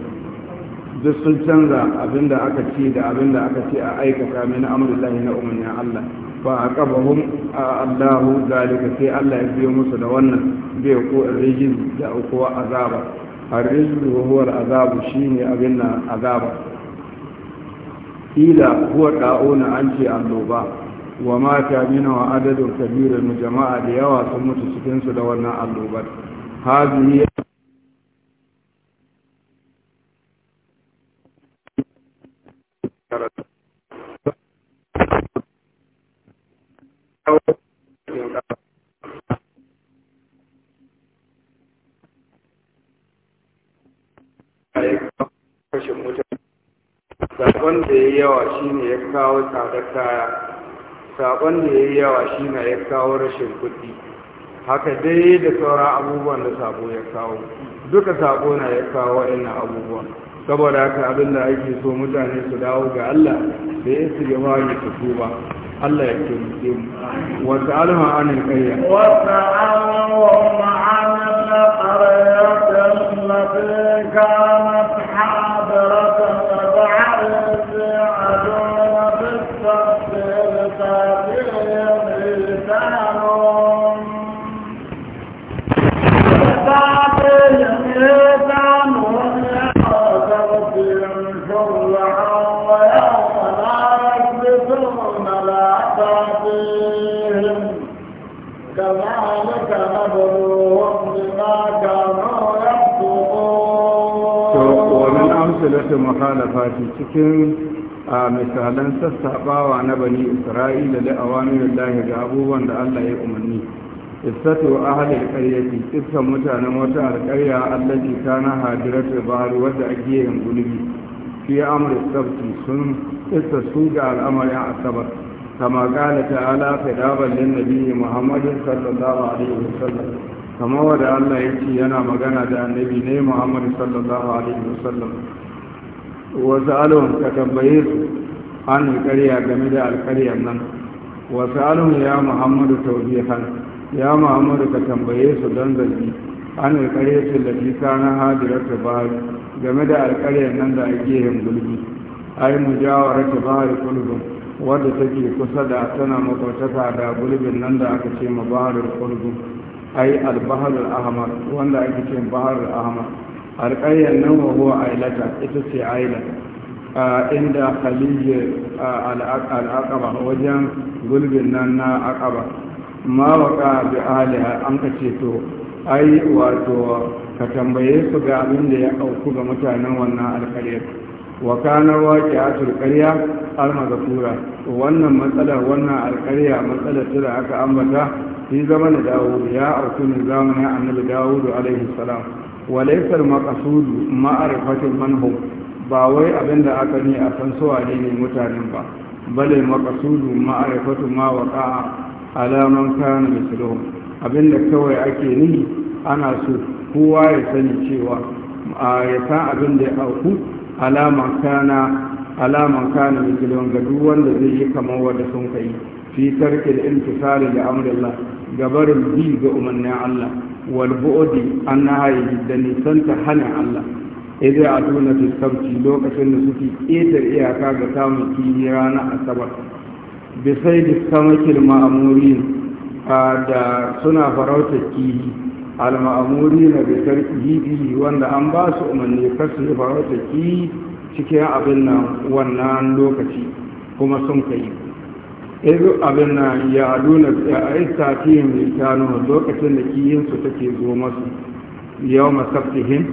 duk sun canza abinda aka ce da abinda aka ce a aikata min amrullahi na umarni Allah ba a hun a Allahu zalika sai Allah ya biyo musu da wannan bai ko rijiz da kuwa azaba a rijzu ruhuwar azabu azabu shine abin azaba ila huwa na an ce annoba wa mata mina wa adadin kabirin jama'a da yawa sun mutu cikinsu da wannan allobar hazihi kashin ya yawa shine ya kawo tsadar kaya saƙon da ya yi yawa shi na ya kawo rashin kuɗi haka dai da sauran abubuwan da sabo ya kawo duka sabo na ya kawo waɗannan abubuwan saboda haka abin da ake so mutane su dawo ga Allah da ya su gaba ya tafi ba Allah ya ke mutu mu wata alma anin kayya wata alma ma'anin na ƙarya ta amfilatul mukhalafati cikin a misalan sassaɓawa na bani isra'ila da awamin lahi ga abubuwan da allah ya umarni istatu ahalar ƙaryaki iskan mutanen wata alƙarya allaji ta na hadiratu bahar wadda a gehen gulbi fi amur sabti sun isa su ga al'amarin asabar kama ƙala ta'ala fidaban lin nabi muhammadin sallallahu alaihi wasallam kama wada allah ya ce yana magana da annabi ne muhammad sallallahu alaihi wasallam wasu alun ka tambaye su an karya game da alƙaryar nan wasu alun ya muhammadu taubihan ya muhammadu ka tambaye su don zargi an karya su lafisa na hadirar ta bahari game da alƙaryar nan da ake yin gulbi ai mujawarar ta bahari kulbin wadda take kusa da tana makwataka da gulbin nan da aka ce ma baharar kulbin ai albahar ahmar wanda ake ce bahar ahmar Alƙayyar nan wa huwa ailata ita ce ailata inda a al'aqaba wajen gulbin nan na aqaba ma waka bi ahliha an ka ce to ai wato ka tambaye su ga abin da ya auku ga mutanen wannan alƙaryar wa kana waqi'atul qarya al-maghfura wannan matsala wannan alƙarya matsalar da aka ambata shi da dawo ya auku ne zamanin Annabi Dawud alaihi salam walaisar makasudu ma'arifatin manhum ba wai abinda aka ne a san suwa ne mutanen ba bale makasudu ma'arifatu ma waka alaman kayan misalihun abinda kawai ake nihi ana so kowa ya sani cewa a ya san abin da ya auku alaman kana alaman kana ga duk wanda zai yi kamar wanda sun kai fi tarkil imtisali da amrillah gabarin bi ga umarnin Allah walbu'udi an nahayi da ta hana Allah idai a tuna fiskamci lokacin da suke ƙetar iyaka ga samun kiyi ranar asabar bisai da samakin ma'amuri da suna farauta kiyi al-ma'amuri na bisar kiyi wanda an ba su umarni kar su yi farauta kiyi cikin abin nan wannan lokaci kuma sun kai izu abin na ya aduna a istatiyin litanu lokacin da kiyinsu take zo masu yau masaftihin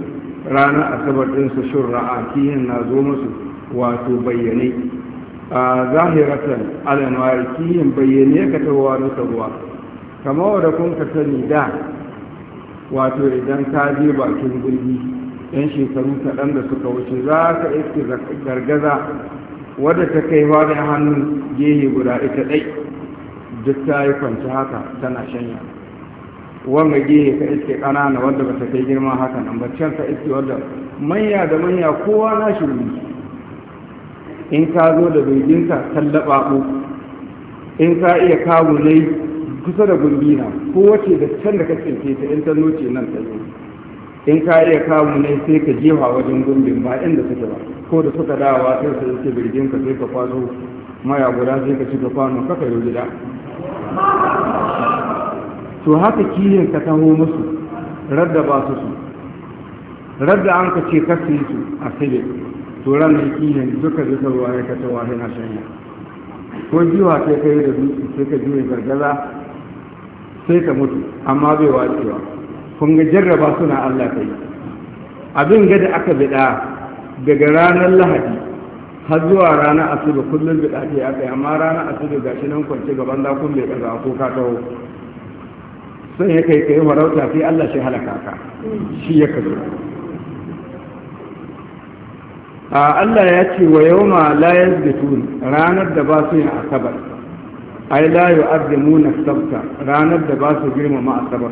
ranar asabar ɗinsu shurra'a kiyin na zo masu wato bayyane a zahiratan alanwari kiyin bayyane ka tawa nuka ruwa kama wadda kun ka sani da wato idan ka je bakin gulbi yan shekaru kaɗan da suka wuce za ka iske gargaza wadda ta kai wani hannun gehe guda ita ɗai duk ta yi kwanci haka tana shanya wanga gehe ka iske ƙanana wadda ba ta kai girma haka nan can ka iske wadda manya da manya kowa na shi in ka zo da bejinka ko in ka iya kawo nai kusa da ko wace da can da ka ce ta in ta noce nan ta zo in ka iya kawo nai sai ka jefa wajen gumbin ba inda take ba ko da suka dawa sai su yake birgin ka sai ka kwaso maya guda sai ka ka kwano ka kayo gida to haka kiyin ka taho musu radda ba su su radda an ka ce kasu su a sile to ran ne kiyin duka duka ruwa ya ka tawa na shanya ko jiwa sai ka yi da dutse sai ka jiwa gargaza sai ka mutu amma bai wacewa kun ga jarraba suna Allah kai abin ga da aka bida daga ranar lahadi har zuwa ranar asuba kullum bida ce a kai amma ranar asuba ga shi nan kwance gaban zakun mai ɗaga ko ka taho sun ya kai kai farauta sai Allah shi halaka ka shi ya kazo a Allah ya ce wa yau ma layar da ranar da ba su yin asabar ai la yu'azzimuna sabta ranar da ba su girmama asabar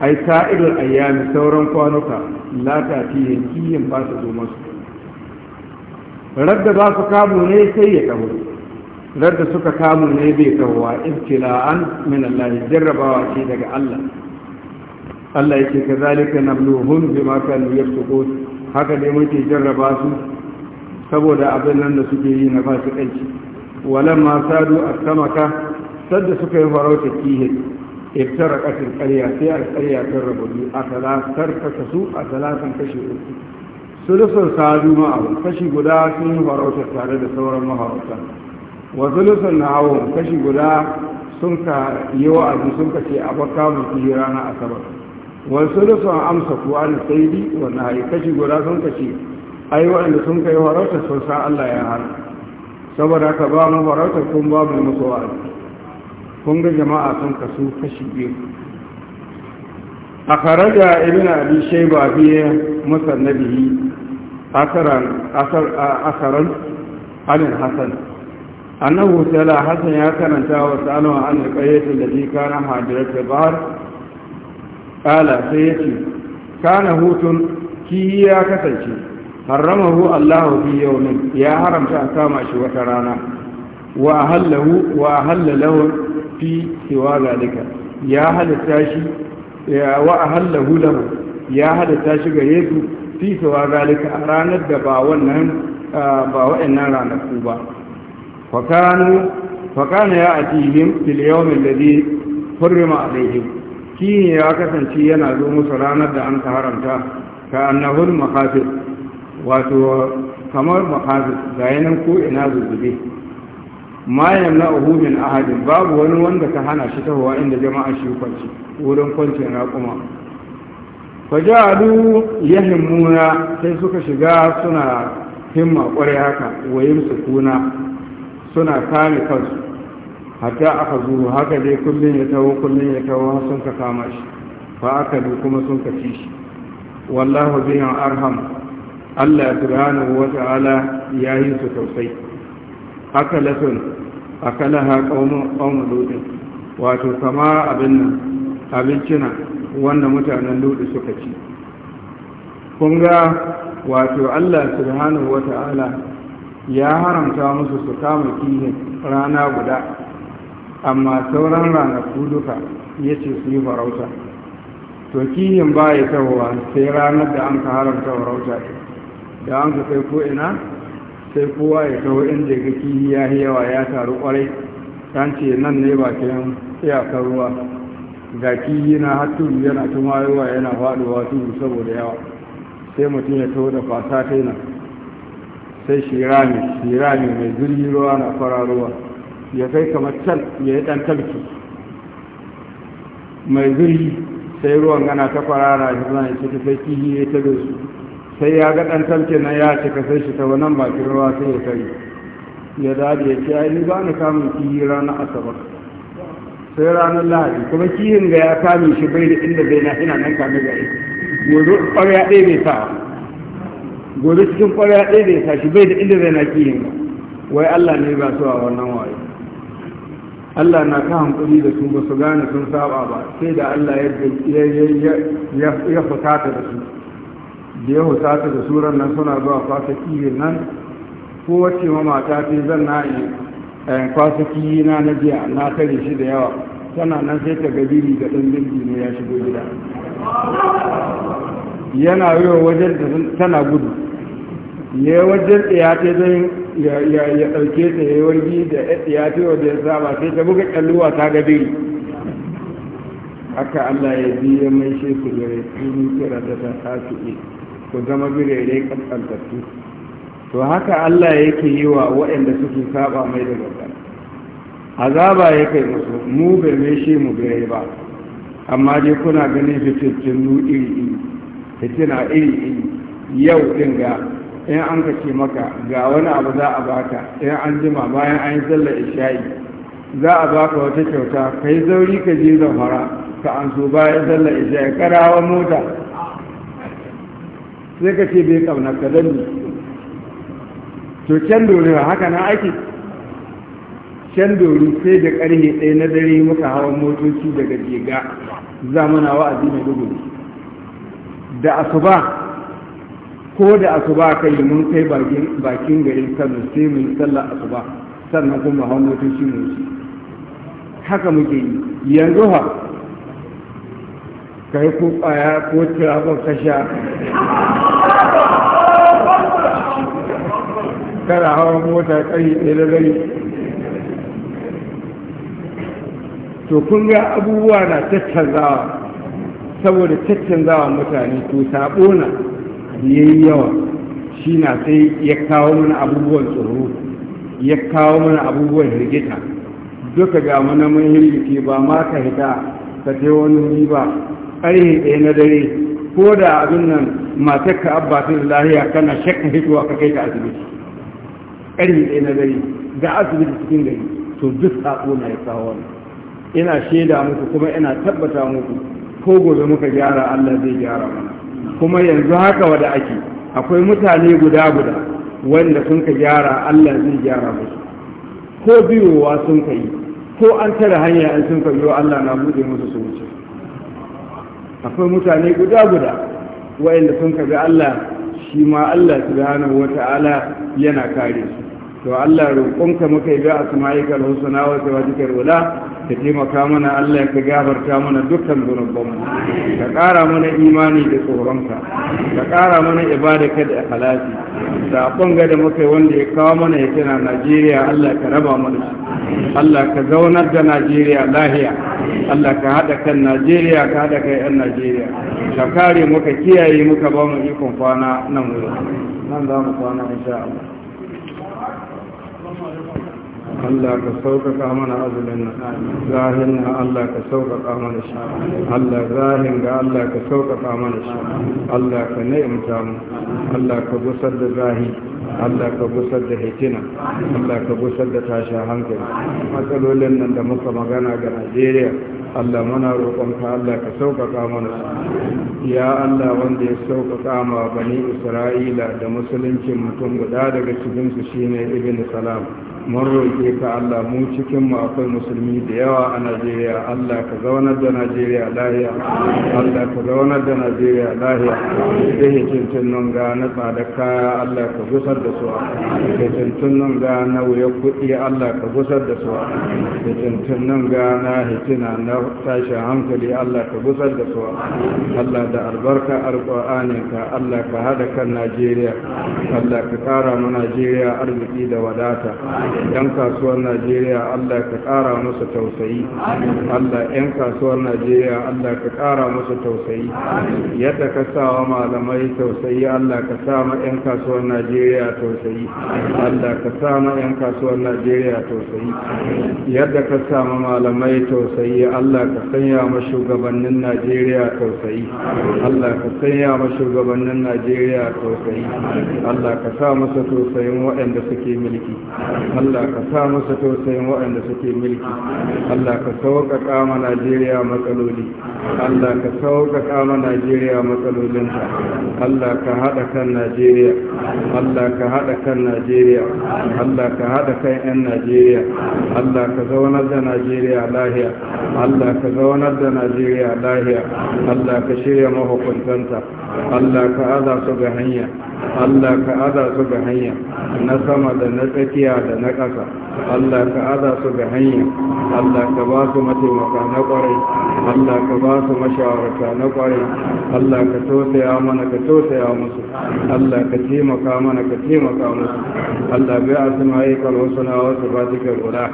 ai irin ayyami sauran kwanuka la ta fi kiyin ba su zo masu radda za su kamu ne sai ya kamu radda suka kamu ne bai kawowa ibtila'an min Allah jarrabawa ce daga Allah Allah yake kazalika nabluhum bima kanu yafsukun haka dai muke jarraba su saboda abin nan da suke yi na fasikanci walamma sadu asamaka sadda suka yi farauta kihin iftara ƙasar ƙarya sai alƙarya ta rabu a talatar kasa a talatan kashi uku sulusun sadu ma'abu kashi guda sun yi farauta tare da sauran maharauta wa sulusun na hawan kashi guda sun ka yi wa'azi sun ka ce a baka mutu rana asabar wa sulusun amsa kuwa na saidi wa na hayi kashi guda sun ka ce ai waɗanda sun ka yi farauta allah ya saboda ba ma farauta kun ba mu kun ga jama'a sun kasu kashi biyu a faraja ibn abi shayba fi musannabihi asaran asaran alin hasan annahu sala Hassan ya karanta wa salama an qayyatin da ji kana hadirat bahar qala sai ya ce. kana hutun kiyi ya kasance haramahu Allahu fi yawmin ya haramta a kama shi wata rana wa halahu wa halalahu fi siwa zalika ya halatta shi wa ahallahu lahu ya halatta shi ga Yesu, fi siwa zalika a ranar da ba wannan ba wa'annan ranaku ba fakanu fakana ya atihim fil yawm alladhi hurrima alaihim kini ya kasance yana zo musu ranar da an ka haramta ka annahul makafir wato kamar makafir ga yanan ko ina zuzube ma na min ahadin babu wani wanda ta hana shi tahowa inda jama'a shi kwanci wurin kwanci na kuma fajalu yahimmuna sai suka shiga suna himma kwarai haka wayin Kuna suna kame kansu hatta aka zuru haka dai kullum ya tawo kullum ya tawo sun ka kama shi fa aka kuma sun ka ci shi wallahu biyan arham Allah subhanahu wa ta'ala ya su tausayi akalatun akalaha ƙaunar lodin wato kama abin nan abincina wanda mutanen lodi suka ci kun ga wato allah subhanahu wa ta'ala ya haramta musu su kama kihin rana guda amma sauran ranaku duka ya ce su yi farauta to kihin ba ya tawowa sai ranar da an haramta farauta da an ka kai ina? sai kowa ya kawo inda ga kihi ya yawa ya taru kwarai Ta ce nan ne bakin iyakar ruwa ga kihi na hatu yana tumayowa yana faduwa tudu saboda yawa sai mutum ya taho da fasa ta yana sai shirami shirami mai zurgi ruwa na ruwa ya kai kamar can ya yi ɗan talki mai zurgi sai ruwan gana ta kwarara shi zana ta sai kihi ya ta su sai ya ga ɗan tamke na ya cika sai shi ta wannan bakin ruwa sai ya tari ya zaɗi ya ce ai ni ba ni kamun kiyi ranar asabar sai ranar lahadi kuma kihin ga ya kame shi bai da inda zai na ina nan kame ga aiki gobe ƙwarya ɗaya bai sa gobe cikin ƙwarya ɗaya bai sa shi bai da inda zai na kihin ba wai allah ne ba su a wannan waye Allah na ta hankali da su ba su gane sun saba ba sai da Allah ya fusata da su da ya huta da suran nan suna zuwa kwasa kihin nan ko wacce ma mata ce zan na yi eh, kwasa kihi na na jiya na kare shi da yawa tana nan sai ta gabiri da ɗan bindi ne ya shigo gida yana yiwa wajen da tana gudu ne wajen ɗaya ta zai ya ɗauke ta ya yi wargi da ɗaya ta wajen saba sai ta buga ƙalluwa ta gabiri haka Allah ya biya mai shekuru ya yi kira da ta tafi ku zama birere kaskantattu to haka Allah yake yi wa waɗanda suke saba mai da gaba azaba ya kai musu mu bai mai shi mu birai ba amma dai kuna ganin nu iri iri fitina iri iri yau ɗin ga in an ka ce maka ga wani abu za a baka in an jima bayan an yi sallar isha'i za a baka wata kyauta ka yi zauri ka je zamfara ka an so bayan sallar isha'i rawa mota sai ka ce bai kauna ka dan ne to can dori ba haka na ake can dori sai da karhe ɗaya na dare muka hawan motoci daga jega zamana wa'azi mai dubu da asuba ko da asuba kai mun kai bakin garin kano sai mun sallar asuba sannan kuma hawan motoci mu shi haka muke yi yanzu ha ka yi ko kwaya ko tirafin kasha kada hawa mota kai ɗaya da gari to kun ga abubuwa na tattanzawa saboda tattanzawa mutane to sabo na ya yi yawa shi na sai ya kawo mana abubuwan tsoro ya kawo mana abubuwan hirgita duka ga mana mun hirgike ba ma ka hita ka je wani wuri ƙarfe ɗaya na dare ko da abin nan ka abba ta lahiya kana shakka hituwa ka kai ka asibiti ƙarni ɗaya na gari ga asibiti cikin gari to duk sako na ya kawo wani ina shaida muku kuma ina tabbata muku ko gobe muka gyara Allah zai gyara mana kuma yanzu haka wada ake akwai mutane guda guda wanda sun ka gyara Allah zai gyara musu ko biyowa sun ka yi ko an tare hanya an sun ka biyo Allah na buɗe musu su wuce akwai mutane guda guda wayanda sun ka bi Allah shi ma Allah subhanahu wata'ala yana kare su to Allah roƙonka muka yi ga asma'ika al-husna wa sifatika al-ula ka taimaka mana Allah ka gafarta mana dukkan zunubanmu ka ƙara mana imani da tsoronka ka ƙara mana ibadaka da ikhlasi saƙon ga da muka yi wanda ya kawo mana ya tana Najeriya Allah ka raba mana Allah ka zaunar da Najeriya lahiya Allah ka haɗa kan Najeriya ka haɗa kai 'yan Najeriya ka kare muka kiyaye muka ba mu ikon kwana nan wurin nan za mu kwana insha Allah Allah ka sauƙaƙa mana azumin nan zahin na Allah ka sauƙaƙa mana shi Allah zahin ga Allah ka sauƙaƙa mana shi Allah ka ni'imta mu Allah ka gusar da zahi Allah ka gusar da hitina Allah ka gusar da tashin hankali matsalolin nan da muka magana ga Najeriya Allah muna ka Allah ka sauƙaƙa mana su ya Allah wanda ya sauƙaƙa ma bani Isra'ila da musuluncin mutum guda daga cikinsu shine Ibn Salam mun roƙe ka Allah mu cikin mu akwai musulmi da yawa a Najeriya Allah ka zaunar da Najeriya lahiya Allah ka zaunar da Najeriya lahiya da hikincin nan ga na tsada kaya Allah ka gusar da su hikincin nan ga na wuya kuɗi Allah ka gusar da su hikincin nan ga na hitina na tashin hankali Allah ka gusar da su Allah da albarka alƙur'anin ka Allah ka hada kan Najeriya Allah ka kara mu Najeriya arziki da wadata yan kasuwar najeriya allah ka ƙara musu tausayi allah yan kasuwar najeriya allah ka ƙara musu tausayi yadda ka sawa malamai tausayi allah ka sama yan kasuwar najeriya tausayi allah ka sama yan kasuwar najeriya tausayi yadda ka sama malamai tausayi allah ka sanya ma shugabannin najeriya tausayi allah ka sanya ma shugabannin najeriya tausayi allah ka sa musu tausayin waɗanda suke mulki Allah ka sa masa tausayin waɗanda suke mulki Allah ka sauƙaƙa ma Najeriya matsaloli Allah ka sauƙaƙa ma Najeriya matsalolinta Allah ka haɗa kan Najeriya Allah ka haɗa kan Najeriya Allah ka haɗa kan 'yan Najeriya Allah ka zaunar da Najeriya lahiya Allah ka zaunar da Najeriya lahiya Allah ka shirya mahukuntanta Allah ka aza su ga hanya Allah ka aza su ga hanya na sama da na tsakiya da na ƙasa Allah ka aza su ga hanya Allah ka ba su mataimaka na ƙwarai Allah ka ba su mashawarta na ƙwarai Allah ka tausaya mana ka tausaya musu Allah ka taimaka mana ka taimaka musu Allah bai asma ma'aikar wasu na wasu ba guda.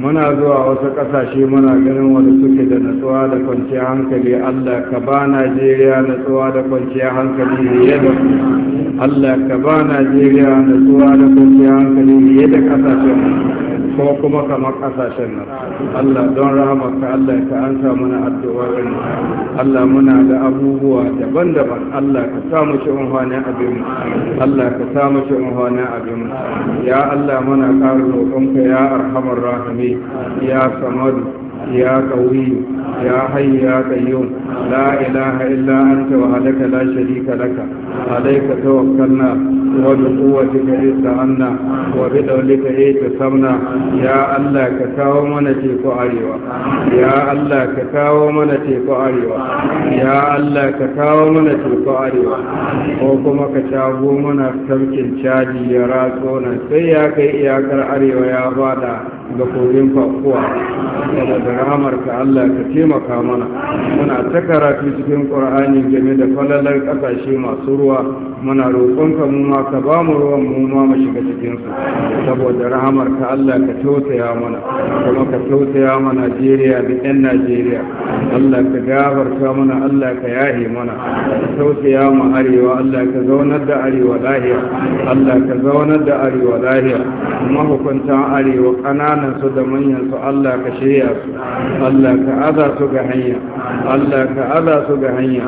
muna zuwa wasu ƙasashe muna ganin wanda suke da natsuwa da kwanciyar hankali allah ka ba najeriya natsuwa da kwanciyar hankali fiye da allah ka ba najeriya natsuwa da kwanciyar hankali fiye da ƙasashen ko kuma kamar kasashen nan Allah don rahamarka Allah ka an ansa mana addu'o'in Allah muna da abubuwa daban-daban Allah ka sa mu ci unhwanin abin Allah ka sa mu ci unhwanin abin ya Allah muna ƙara roƙonka ya arhamar rahimi ya samad, ya يا ya يا حي يا قيوم لا إله إلا أنت وحدك لا شريك لك عليك توكلنا وبقوتك استعنا وبدولك اعتصمنا يا الله كتاو من تيكو أريوا يا الله كتاو من تيكو أريوا يا الله كتاو من تيكو أريوا وكما كتابو من تمكن شادي يا راسونا سياك يا بادا ga kogin fakuwa rahmar ka Allah ka taimaka mana muna ta karatu cikin ƙur'ani game da falalar ƙasashe masu ruwa muna roƙonka mu ma ma ka ba mu ruwan mu ma mu shiga cikin saboda rahamar ka Allah ka tausaya mana kuma ka tausaya mana Najeriya da ɗan Najeriya Allah ka gafarta mana Allah ka yahe mana ka tausaya mu arewa Allah ka zaunar da arewa lahiya Allah ka zaunar da arewa lahiya mahukuntan arewa kananan su da manyan su Allah ka shirya su Allah ka aza su ga hanya Allah ka aza su ga hanya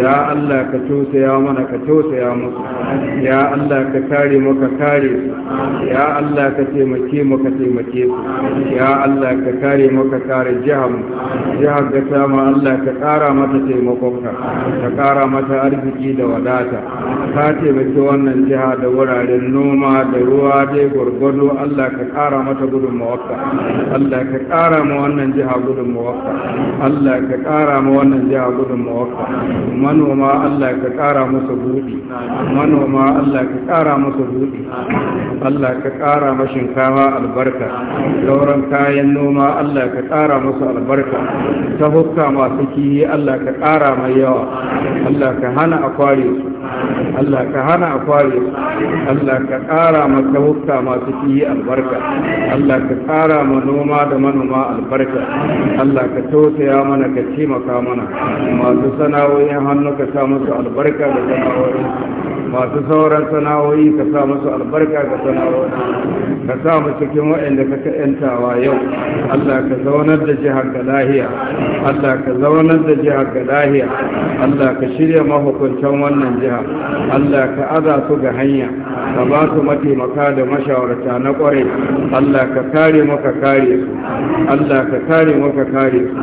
ya Allah ka tausaya mana ka tausaya musu ya ya Allah ka kare maka kare ya Allah ka taimake mu taimake su ya Allah ka kare maka kare jihar mu jihar ga sama Allah ka kara mata taimakonka ka kara mata arziki da wadata ka taimake wannan jiha da wuraren noma da ruwa dai gwargwado Allah ka kara mata gudun gudunmawarka Allah ka kara ma wannan jiha gudun gudunmawarka Allah ka kara ma wannan jiha gudun gudunmawarka manoma Allah ka kara musu buɗi manoma Allah Allah ka ƙara masa buɗi Allah ka ƙara mashin kama albarka sauran kayan noma Allah ka ƙara masa albarka ta hukka masu kiyi Allah ka ƙara mai yawa Allah ka hana a kware su Allah ka hana a kware su Allah ka ƙara masa hukka masu kiyi albarka Allah ka ƙara ma noma da manoma albarka Allah ka tausaya mana ka taimaka mana masu sana'o'in hannu ka sa musu albarka da sana'o'in masu sauran sana'o'i ka sa musu albarka ga sana'o'i ka sa mu cikin waɗanda ka ka yantawa yau Allah ka zaunar da jihar ka lahiya Allah ka zaunar da jihar ka lahiya Allah ka shirya mahukuntan wannan jiha Allah ka aza su ga hanya ka ba su mataimaka da mashawarta na ƙwarai. Allah ka kare maka kare su Allah ka kare maka kare su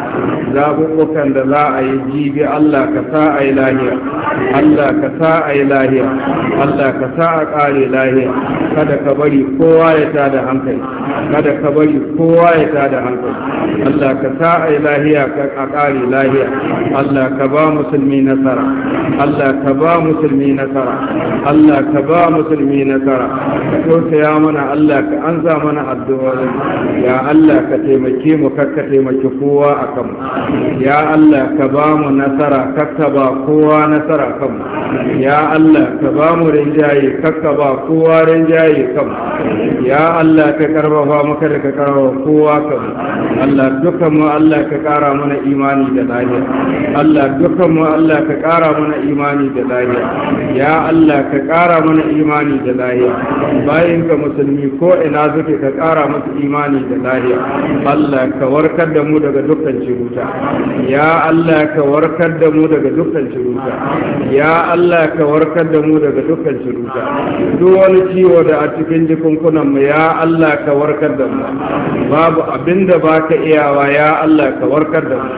zaɓuɓɓukan da za a yi jibi Allah ka sa a yi lahiya Allah ka sa a yi lahiya Allah ka sa a ƙare lahiya kada ka bari kowa ya ta da hankali kada ka bari kowa ya ta da hankali Allah ka sa a lahiya ka a ƙare lahiya Allah ka ba musulmi nasara Allah ka ba musulmi nasara Allah ka ba musulmi nasara ka tausaya mana Allah ka anza mana addu'o'i ya Allah ka taimake mu kar ka taimaki kowa a kanmu ya Allah ka ba mu nasara kar ka ba kowa nasara kanmu ya Allah ka ba mu rinja rinjaye ba kowa rinjaye ya Allah ka karfafa maka da ka kowa Allah mu Allah ka kara mana imani da lafiya Allah mu Allah ka kara mana imani da lafiya ya Allah ka kara mana imani da lafiya bayan ka musulmi ko ina zuke ka kara musu imani da lafiya Allah ka warkar da mu daga dukkan ciruta ya Allah ka warkar da mu daga dukkan ciruta ya Allah ka warkar da mu daga dukkan ciruta cuta duk wani ciwo da a cikin jikunkunan mu ya Allah ka warkar da mu babu abin da baka iyawa ya Allah ka warkar da mu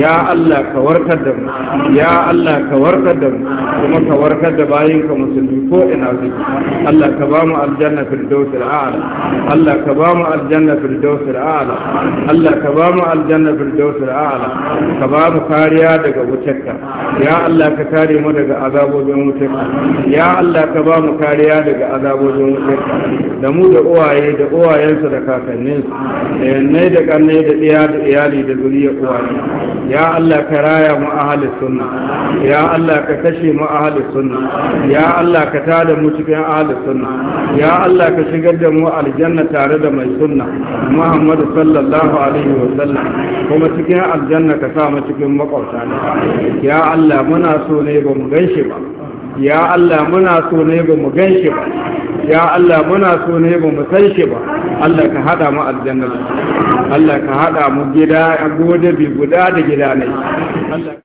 ya Allah ka warkar da mu ya Allah ka warkar da mu kuma ka warkar da bayin ka musulmi ko ina su Allah ka ba mu aljanna dawsil a'la Allah ka ba mu aljanna dawsil a'la Allah ka ba mu aljanna dawsil a'la ka ba mu kariya daga wutarka ya Allah ka kare mu daga azabobin wutarka ya Allah Allah ka ba mu kariya daga azabojin wutarka da mu da uwaye da uwayensu da kakanninsu da yannai da kannai da ɗiya da iyali da zuriyar uwaye ya Allah ka raya mu ahli sunna ya Allah ka kashe mu ahli sunna ya Allah ka tada mu cikin ahli sunna ya Allah ka shigar da mu aljanna tare da mai sunna Muhammadu sallallahu alaihi wa sallam kuma cikin aljanna ka sa mu cikin makwabta ya Allah muna so ne ba mu ganshi ba ya Allah muna so ne ba mu gan shi ba ya Allah muna so ne ba mu san shi ba Allah ka hada mu aljanna Allah ka hada mu gida a gode bi guda da gida ne